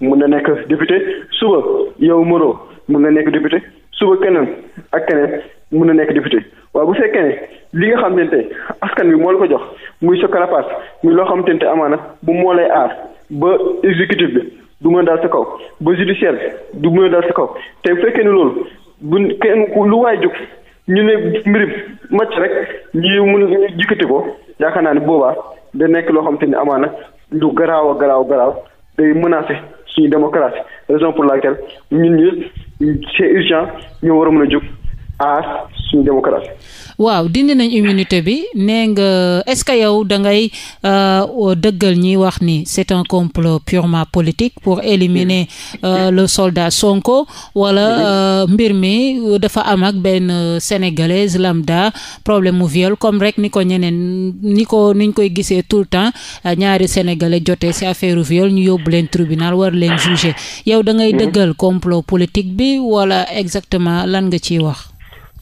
mun na nekk député suba yow Moreau mun na nekk député suba keneen ak keneen mun na nekk député waaw bu fekkee ne li nga xamante ne askan bi moo la ko jox muy sa carapace muy loo xam xamante ne amaana bu moo lay aar ba exécutif bi du mën a daal sa kaw ba judiciaire du mën a daal kaw te bu fekkee ne loolu bu kenn lu waay jóg ñu ne mbirim màcc rek ñu mun ñu ko yaakaar naa ne boobaa da nekk loo xam te ni amaana lu garaaw a garaaw garaaw day menacé suñu démocratie raison pour la laquelle ñun ñëpp c'est urgent ñu war a mën a jóg aar suñu démocratie waaw dindi nañ immunité bi nee nga est-ce que yow da ngay euh, dëggal ñi wax ni c'est un complot purement politique pour éliminer euh, le soldat Sonko wala euh, mbir mi dafa am ak benn sénégalaise lamda problème mu viol comme rek ni ko ñeneen ni ko niñ koy gisee tout le temps euh, ñaari sénégalais jotee ci affaire viol ñu yóbbu leen tribunal war leen juger yow da ngay mm-hmm. dëggal complot politique bi wala exactement lan nga ciy wax.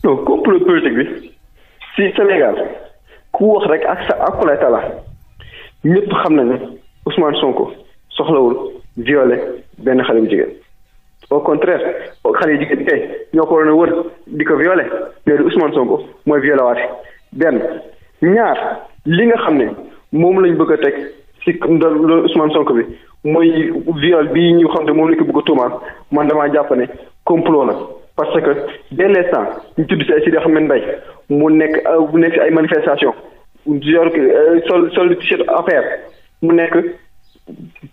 non politique bi si Sénégal ku wax rek ak sa akulaay tala ñëpp xam na ne Ousmane Sonko soxlawul violer benn xale bu jigéen au contraire xale yu jigéen kay ñoo ko waroon a wër di ko violer mais Ousmane Sonko mooy violer waate benn ñaar li nga xam ne moom lañ bëgg a teg ci loolu Ousmane Sonko bi mooy viol bi ñu xam ne moom la ko bëgg a tuumaal man damaa jàpp ne complot la. parce que dès l'instant ñu si ay Sidi Ahmed Mbaye mu nekk euh, mu nekk ay manifestation genre euh, sol sol t affaire mu nekk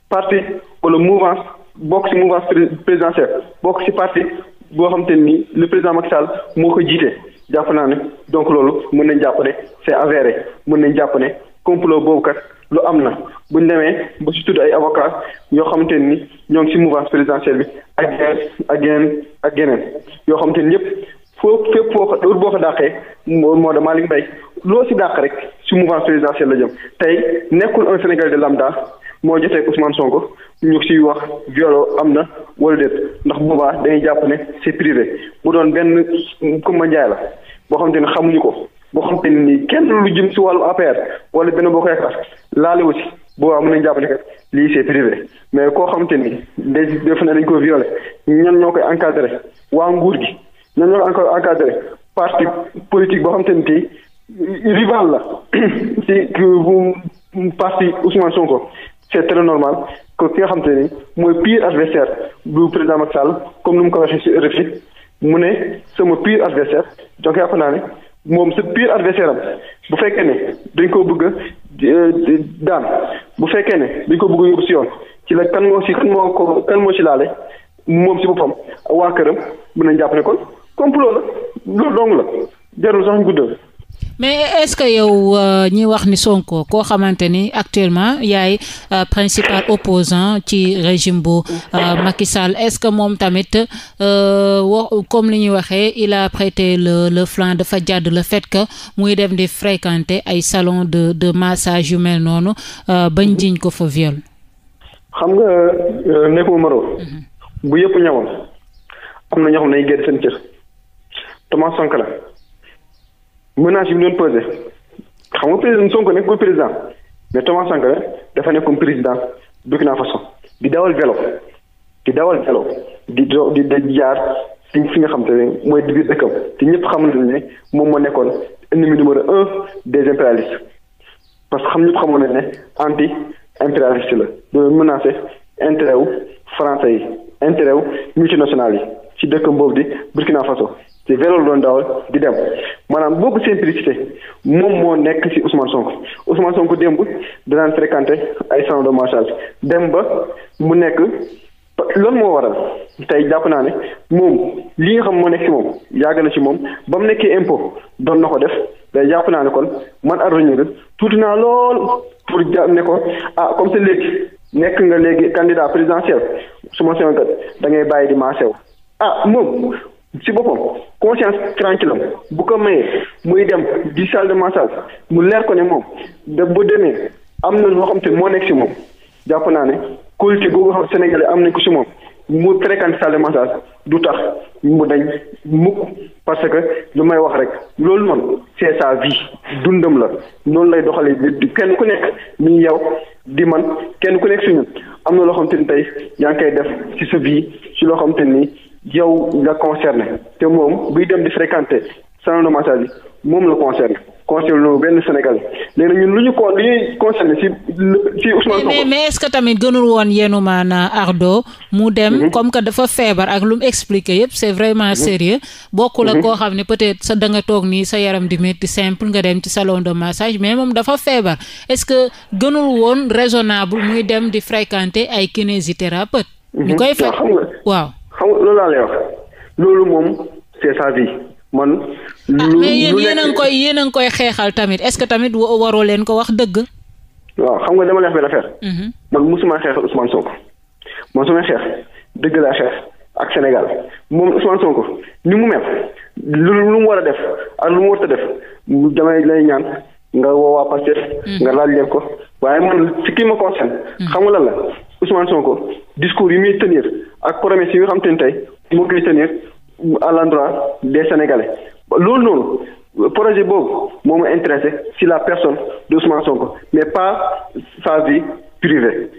parti wala mouvance bokk si mouvance présidentielle bokk si parti boo xam te nii le président Macky Sall moo ko jiite jàpp naa ne donc loolu mën nañ jàpp ne c'est avéré mun nañ jàpp ne complot boobu kat lu am na bu ñu demee ba si tudd ay avocat yoo xamante ni ñoo ngi si mouvance présidentielle bi ak yeneen ak yeneen ak yeneen yoo xamante ni yëpp foo fépp foo ko boo ko dàqee moo da Malick Mbaye loo si dàq rek si mouvance présidentielle la jëm tey nekkul un Sénégalais de lambda moo jotee ak Ousmane Sonko ñu siy wax violo am na wala déet ndax boobaa dañuy jàpp ne c'est privé bu doon benn Kumba Njaay la boo xamante ni xamuñu ko. boo xam te ni kenn lu jëm si wàllu APR wala benn boo koy xaar laale wu si boobaa mën nañ jàpp ne lii c'est privé mais koo xam ni day def na dañ ko violé ñan ñoo koy encadré waa nguur gi ñan ñoo koy encadré parti politique boo xam te rival la si parti Ousmane Sonko c'est très normal que ki nga xam ni mooy pire adversaire bu président Macky Sall comme nu mu ko waxee si réplique mu ne sama pire adversaire donc yàpp naa moom sa pire adversaire am bu fekkee ne dañ koo bëgg a daan bu fekkee ne dañ ko bëgg a yóbbu si yoon ci la kan moo si kan moo ko kan moo si laale moom si boppam waa këram mën nañ jàpp ne kon complot la loolu dong la jarul sax ñu guddal mais est ce que yow euh, ñi wax ni Sonko koo xamante ni actuellement yaay euh, principal opposant ci régime bu euh, Macky est ce que moom tamit wax comme li ñuy waxee il a prêté le le flanc dafa jàdd le fait que muy dem di fréquenter ay salon de de massage yu mel noonu bañ jiñ ko fa viol xam nga nekkul maro mhm. bu yëpp ñëwoon am na ñoo xam ne day seen cër Thomas Sankara la menace yi mu doon posé xam nga président Sonko ko président mais Thomas Sankara dafa nekkoon président Burkina Faso di dawal vélo di dawal vélo di do di jaar fi fi nga xam te mooy di biir dëkkam te ñëpp xam nañ ne moom moo nekkoon ennemi numéro un des impérialistes parce que xam ñëpp xamoon nañ ne anti impérialiste la doon menacé intérêt wu français yi intérêt wu multinationales yi ci dëkkam boobu di Burkina Faso si vélo doon dawal di dem maanaam boobu simplicité moom moo nekk ci Ousmane Sonko Ousmane Sonko démb danaan fréquenter ay salon de massage dem ba mu nekk loolu moo waral tey jàpp naa ne moom li nga xam moo nekk si moom yàgg na si moom ba mu nekkee impôt doon na ko def day jàpp naa ne kon man arroñu la tuuti naa lool pour ja ne ko ah comme ça léegi nekk nga léegi candidat présidentiel su ma sewoon kat da ngay bàyyi di maasew ah moom si boppam conscience tranquille am bu ko mayee muy dem di salle mu leer ko ne moom da ba demee am na loo xam te moo nekk si moom jàpp naa ne qualité googu xam Sénégalais am nañ ko si moom mu fréquente salle du tax mu dañ mukk parce que lu may wax rek loolu noonu c'est sa vie dundam la noonu lay doxalee kenn ku nekk ni yow di man kenn ku nekk si ñun am na loo xam te ni tey yaa ngi koy def ci sa vie ci loo xam te nii yow nga concerné te moom buy dem di fréquenter salon de massage moom la concerné concerné loolu lu ko li si mais mais est-ce que tamit gënul woon yenu maana Ardo mu dem mhm. comme que dafa feebar ak lu mu expliqué yëpp c'est vraiment mhm. sérieux bokkul ak mhm. koo xam ne peut-être sa da nga toog nii sa yaram di métti simple nga dem ci salon de massage mais moom dafa feebar est-ce que gënul woon raisonnable muy dem di fréquenter ay kinésithérapeute ñu koy faj waaw xam nga loolu laa lay wax loolu moom c'est sa vie man. Ah, lu ah mais yéen a ngi koy yéen koy xeexal tamit est-ce que tamit waroo leen ko wax dëgg. waaw xam nga dama lay wax benn affaire. Mhm. man mosuma xeexal Ousmane Sonko man su may xeex dëgg laa xeex ak Sénégal moom Ousmane Sonko ni mu mel lu mu war a def ak lu mu warut a def damay lay ñaan. nga woowaa Pastef mm. nga laaj leen ko waaye man ci kii ma concerne mm. xam nga lan la Ousmane Sonko discours yi muy tenir ak promesse yi nga xam te ne tey moo koy tenir à l'endroit des Sénégalais loolu noonu projet boobu moo ma intéressé si la personne d'Ousmane ko mais pas sa vie privée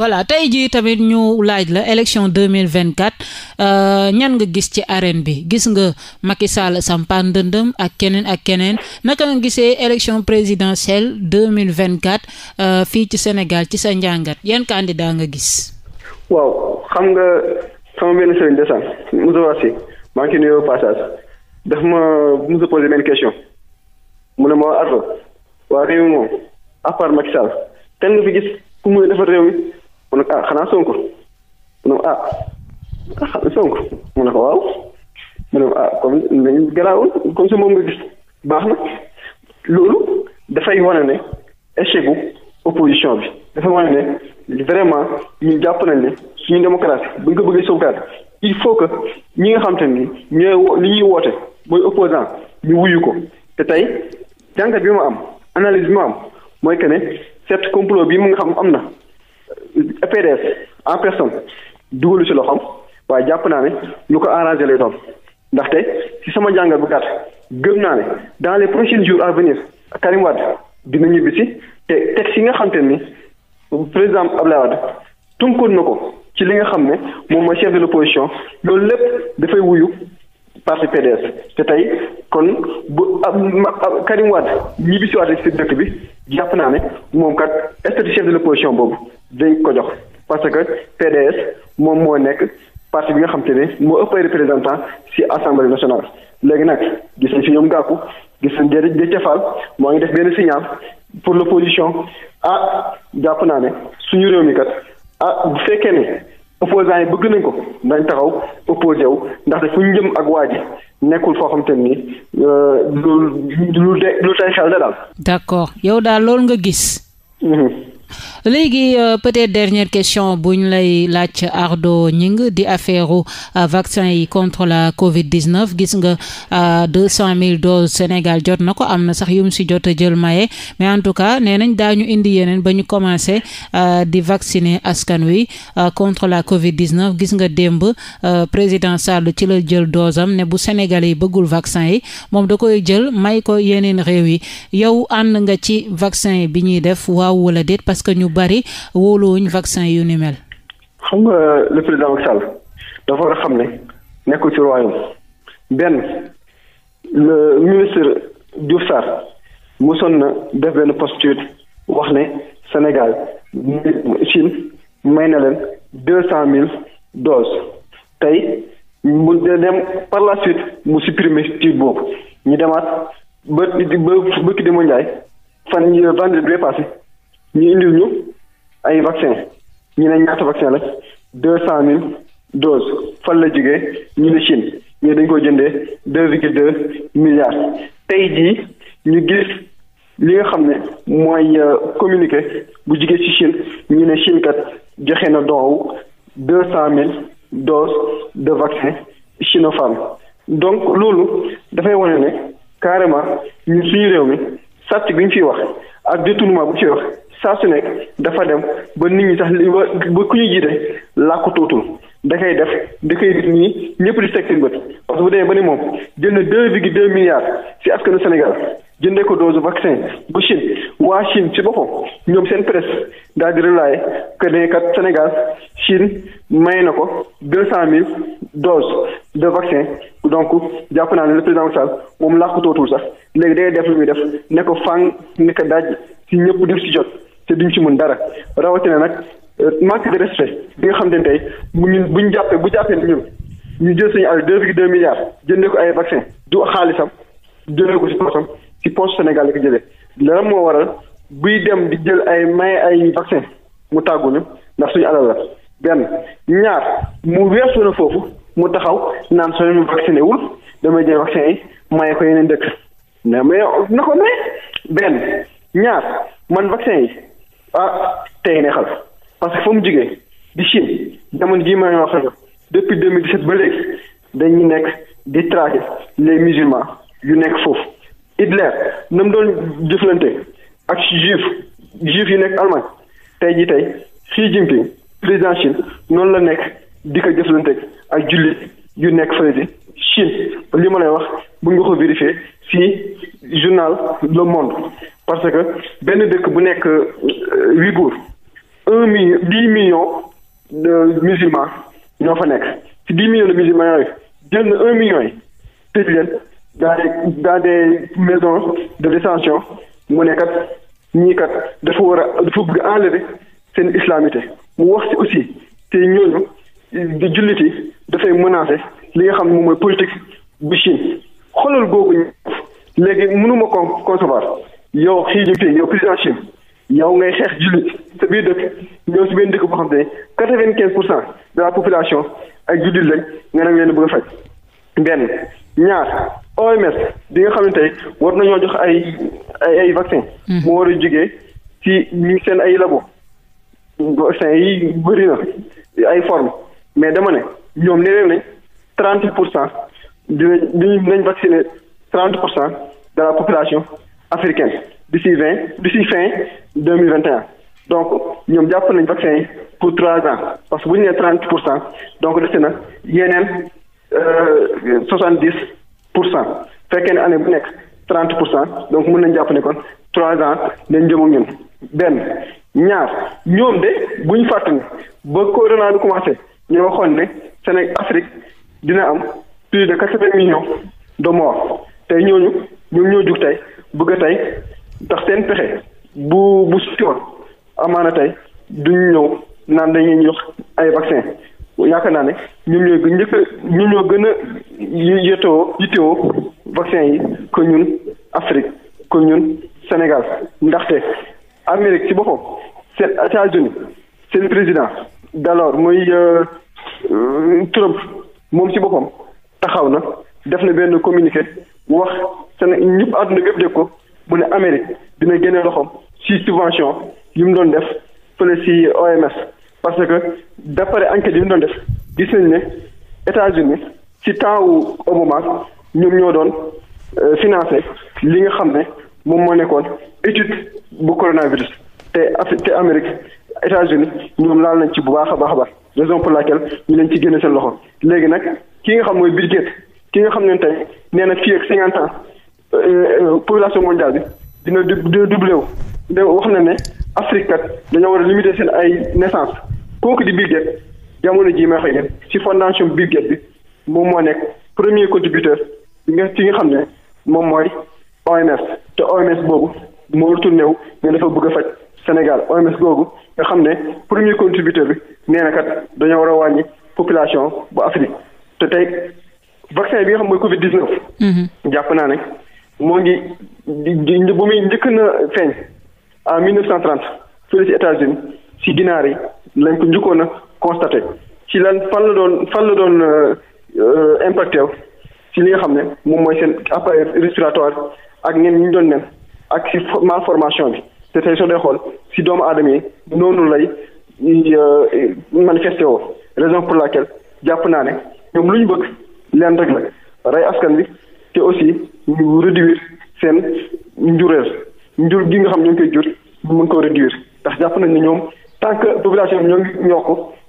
voilà tey jii tamit ñu laaj la élection 2024 euh, ñan nga gis ci arène bi gis nga Macky Sall sampaan ndëndëm ak keneen ak keneen naka nga gisee élection présidentielle 2024 euh, fii ci senegal ci sa njàngat yan candidat nga gis. waaw xam nga sama benn sëriñ de sànq Moussa Sy maa ngi ciy nuyoo passage daf ma Moussa posé benn question mu ne ma Ardo waa réew moom à part Macky Sall nga fi gis ku muy defar réew mi. mu ne ko ah xanaa Sonko mu ne ko ah, ah Sonko ko waaw mu ne ko ah comme si moom nga gis baax na loolu dafay wane ne échec gu opposition bi dafay wane ne vraiment ñun jàpp nañ ne suñu démocratie bu ñu ko bëggee sauvegarde il faut que ñi nga xam te nii ñooy li woote mooy opposant ñu wuyu ko te tey jàngat bi mu am analyse bi am mooy que ne cette complot bi mu nga xam am na PDS en personne dugalu ci loxoom waaye jàpp naa ne lu ko arrangé lay doon ndaxte ci sama njàngal bu gàtt gëm naa ne dans les prochains jours à venir Karim dina ñibbi te texte yi nga xam ni président Abdoulaye Wade tunkoon na ko ci li nga xam ne moom mooy chef de l'opposition loolu lépp dafay wuyu parti PDS te tey kon bu am Karim Wade ñi bi si waat si dëkk bi jàpp naa ne moom kat statut chef de l'opposition boobu dañ ko jox parce que PDS moom moo nekk parti bi nga xam te ne moo ëpp ay représentant si assemblée nationale léegi nag gis nañ fi ñoom gàkku gis nañ jërëjëf Déthié Fall moo ngi def benn signal pour l'opposition ah jàpp naa ne suñu réew mi kat ah bu fekkee ne opposants yi bëgg nañ ko dañ taxaw opposé wu ndaxte fu ñu jëm ak waa nekkul foo xam te ni euh, lu lu lu tey xel da daal. d'accord yow daal loolu nga gis. Mhm. léegi euh, peut-être dernière question bu ñu lay laaj Ardo Gningue di affaire euh, vaccin yi contre la Covid 19 gis nga euh, deux cent mille doses Sénégal jot na ko am na sax yum si jot a jël maye mais en tout cas nee nañ daañu indi yeneen ba ñu commencé di vacciner askan wi contre la Covid 19 gis nga démb président Sall ci la jël dose am ne bu Sénégal yi bëggul vaccin yi moom da koy jël may ko yeneen réew yi yow ànd nga ci vaccin bi ñuy def waaw wala déet parce ñu bari wóoluwuñ vaccin yu ni mel. xam nga le président Macky Sall dafa war xam ne nekkul ci royaume benn le ministre Diouf Sarr mosoon na def benn posture wax ne Sénégal Chine may na leen deux cent mille doses tey mu dem par la suite mu supprimer ci boobu ñu demaat ba ba ba Kidima Ndiaye fan yii vendredi bi passé ñu indil ñu ay vaccin ñu ne ñaata vaccin la deux cent mille doses fan la jógee ñu ne Chine ñu dañ ko jëndee deux virgule deux milliards tey jii ñu gis li nga xam ne mooy euh, communiqué bu jigee ci Chine ñu ne Chine joxe na doowu deux cent mil doses de vaccin Sinopharm donc loolu dafay wane ne carrément ñun suñu réew mi sàcc bi ñu fiy wax ak détournement bu ci wax saa su nekk dafa dem ba nit ñi sax li ba ba ku ñu jiite laa ko da koy def da koy nit ñi ñëpp di teg seen bët parce bu demee ba ni moom jën na deux virgule deux milliards ci askanu Sénégal jëndee ko dose vaccin bu Chine waa Chine si boppam ñoom seen presse daal di relayé que ne kat Sénégal Chine may na ko dë cent mille doses de vaccin donc jàpp naa ne le président Sall moom làqutootul sax léegi day def lu muy def ne ko fang ne ko daj ci ñëpp def ci jot. te duñ ci mën dara rawatina nag euh, manque de respect bi nga xam ne tey mu bu ñu jàppee bu jàppee ñun ñu jël suñu àll deux virgule deux milliards jëndee ko ay vaccin du xaalisam jëlee ko si poosam si poos Sénégal la ko jëlee lan moo waral buy dem di jël ay may ay vaccin mu tàgguñu ndax suñu alal la benn ñaar mu weesu na foofu mu taxaw naan soo leen vacciné wul damay jël vaccin yi maye ko yeneen dëkk mais mais na ko ne benn ñaar man vaccin yi ah tey neexal parce que fa mu jógee di Chine jamono jii may wax depuis 2017 ba léegi dañuy nekk di traquer les musulmans yu nekk foofu. Hitler na doon jëflante ak juif juif yu nekk Allemagne tey jii tey Xi Jinping président Chine noonu la nekk di ko jëflante ak jullit yu nekk fële di Chine li ma lay wax bu nga ko vérifier fii journal Le Monde. parce que benn dëkk bu nekk Ouïghour un million dix millions de musulmans ñoo fa nekk ci dix millions de musulmans yooyu jël na un million yi tëj leen dans des de détention mu ne kat ñii kat dafa war a dafa bëgg enlever seen islamité mu wax ci aussi te ñooñu di jullit yi dafay menacer li nga xam ne moom mooy politique bu Chine xoolal googu léegi mënuma ko concevoir yow xii yow président Chine yow ngay xeex jullit sa biir dëkk ñoom si benn dëkk boo xam ne quatre vingt quinze pour cent de population ak jullit lañ nga ne leen bëgg a faj benn ñaar OMS di nga xam ne tey war nañoo jox ay ay ay vaccin hmm. moo war a jógee ci ñu seen ay labo vaccin yi ay forme mais dama ne ñoom nee nañ trente pour cent dinañ dinañ vacciner trente pour cent de la population africaine d'ici vingt d'ici fin deux mille vingt et donc ñoom jàpp nañ vaccin pour trois ans parce que bu ñu nee trente pour cent donc dese na yeneen euh, soixante dix pour cent fekkee ne année bu nekk trente pour cent donc mën nañ jàpp ne kon trois ans dañ jëm ak ñun benn ñaar ñoom de bu ñu fàttali ba corona bi commencé ñu waxoon ne Afrique dina am plus de quatre-vingts millions de morts tey ñooñu ñoom ñoo jug tey. bëgg tey tax seen pexe bu bu suti amaana tey duñu ñëw naan lañuy jox ay vaccin yaakaar naa ne ñoom ñoo njëkk ñoom ñoo gën a yëtoo yittewoo vaccin yi que ñun Afrique que ñun Sénégal ndaxte Amérique ci boppam seen États-Unis seen président d'alors mooy euh, euh, Trump moom ci boppam taxaw na def na benn communiqué wax seen ñëpp àdduna gépp dégg ko mu ne Amérique dina génne loxoom si subvention yi mu doon def fële si OMS parce que d'après enquête yi mu doon def gis nañ ne États-Unis si temps wu Obama ñoom ñoo doon euh, financé li nga xam ne moom moo nekkoon étude bu coronavirus te te Amérique États-Unis ñoom laal nañ ci bu baax a baax baax raison pour laquelle ñu lañ ci génne seen loxo léegi nag ki nga xam mooy Bill ki nga xam ne tey nee na fii ak cinquante ans euh, euh, population mondiale bi dina dina doublé wu. de wax na ne Afrique kat dañoo war a limiter seen ay naissance kooku di Bill Gates jamono jii may xëy ci fondation Bill Gates bi moom moo nekk premier contributeur bi nga nga xam ne moom mooy OMS te OMS boobu moo retourné wu ne dafa bëgg a faj Sénégal OMS googu nga xam ne premier contributeur bi nee na dañoo war a wàññi population bu Afrique te tey vaccin bi nga xam mooy Covid 19. Mhm. jàpp naa ne moo ngi di bu muy njëkk na feeñ en 1930 fële ci États-Unis ci ginaar yi lañ ko njëkkoon a constaté ci lan fan la doon fan la doon euh, euh, impacté wu ci li nga xam ne moom mooy seen appareil respiratoire ak ñenn ñu doon nen ak ci malformation bi te tey soo dee xool ci doomu aadama yi noonu lay euh, manifesté woo raison pour laquelle jàpp naa ne ñoom lu ñu bëgg. leen rek la rey askan bi te aussi ñu réduire seen njureel njur gi nga xam ñoo koy jur ñu mën koo réduire ndax jàpp nañ ñoom tant que population bi ñoo ngi yokk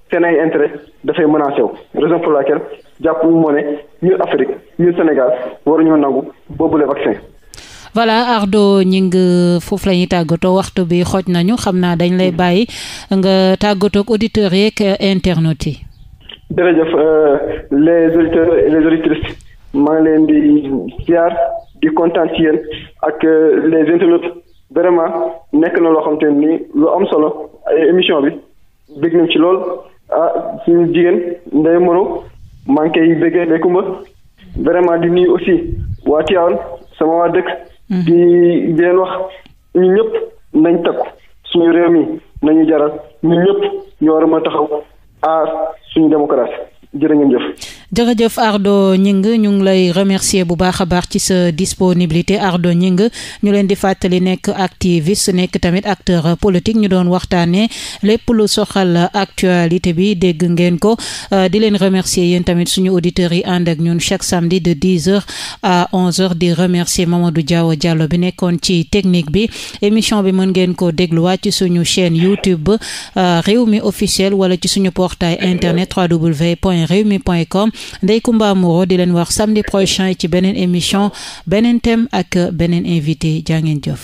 seen ay intérêt dafay menacé wu raison pour laquelle jàpp moo ne ñun Afrique ñun Sénégal waruñoo nangu boobule vaccin. voilà Ardo Gningue foofu la ñuy tàggatoo waxtu bi xooj nañu xam naa dañ lay bàyyi nga tàggatoo ak auditeurs yeeg internautes yi. jërëjëf euh, les auditeurs les auditrices maa ngi leen di ziar di kontaan ci yéen ak euh, les internautes vraiment nekk na loo xam te ni lu am solo émission bi bëgg nañ ci lool ah suñu jigéen Ndeye Moreau maa ngi koy bëggee Ndeye Kumba vraiment di nuyu aussi waa Tivaouane sama waa dëkk. Mm-hmm. di di wax ñu ñëpp nañ takku suñu réew mi nañu jaral ñu ñëpp ñu war a mën a taxaw. aar ah, suñu démocratie jërë ngeen jëf. jërëjëf Ardo Gningue ñu ngi lay remercier bu baax a baax ci sa disponibilité Ardo ñu leen di fàttali nekk activiste nekk tamit acteur politique ñu doon waxtaanee lépp lu soxal actualité bi dégg ngeen ko euh, di leen remercier yéen tamit suñu auditeurs yi ànd ak ñun chaque samedi de 10 heures à 11 heures di remercier Mamadou Diaw Diallo bi nekkoon ci technique bi émission bi mën ngeen ko dégluwaat ci suñu chaîne YouTube euh, Rewmi officiel wala ci suñu portail internet www.rewmi.com Ndeye Comba Moreau di leen wax samedi prochain ci beneen émission beneen thème ak beneen invité jaa ngeen jëf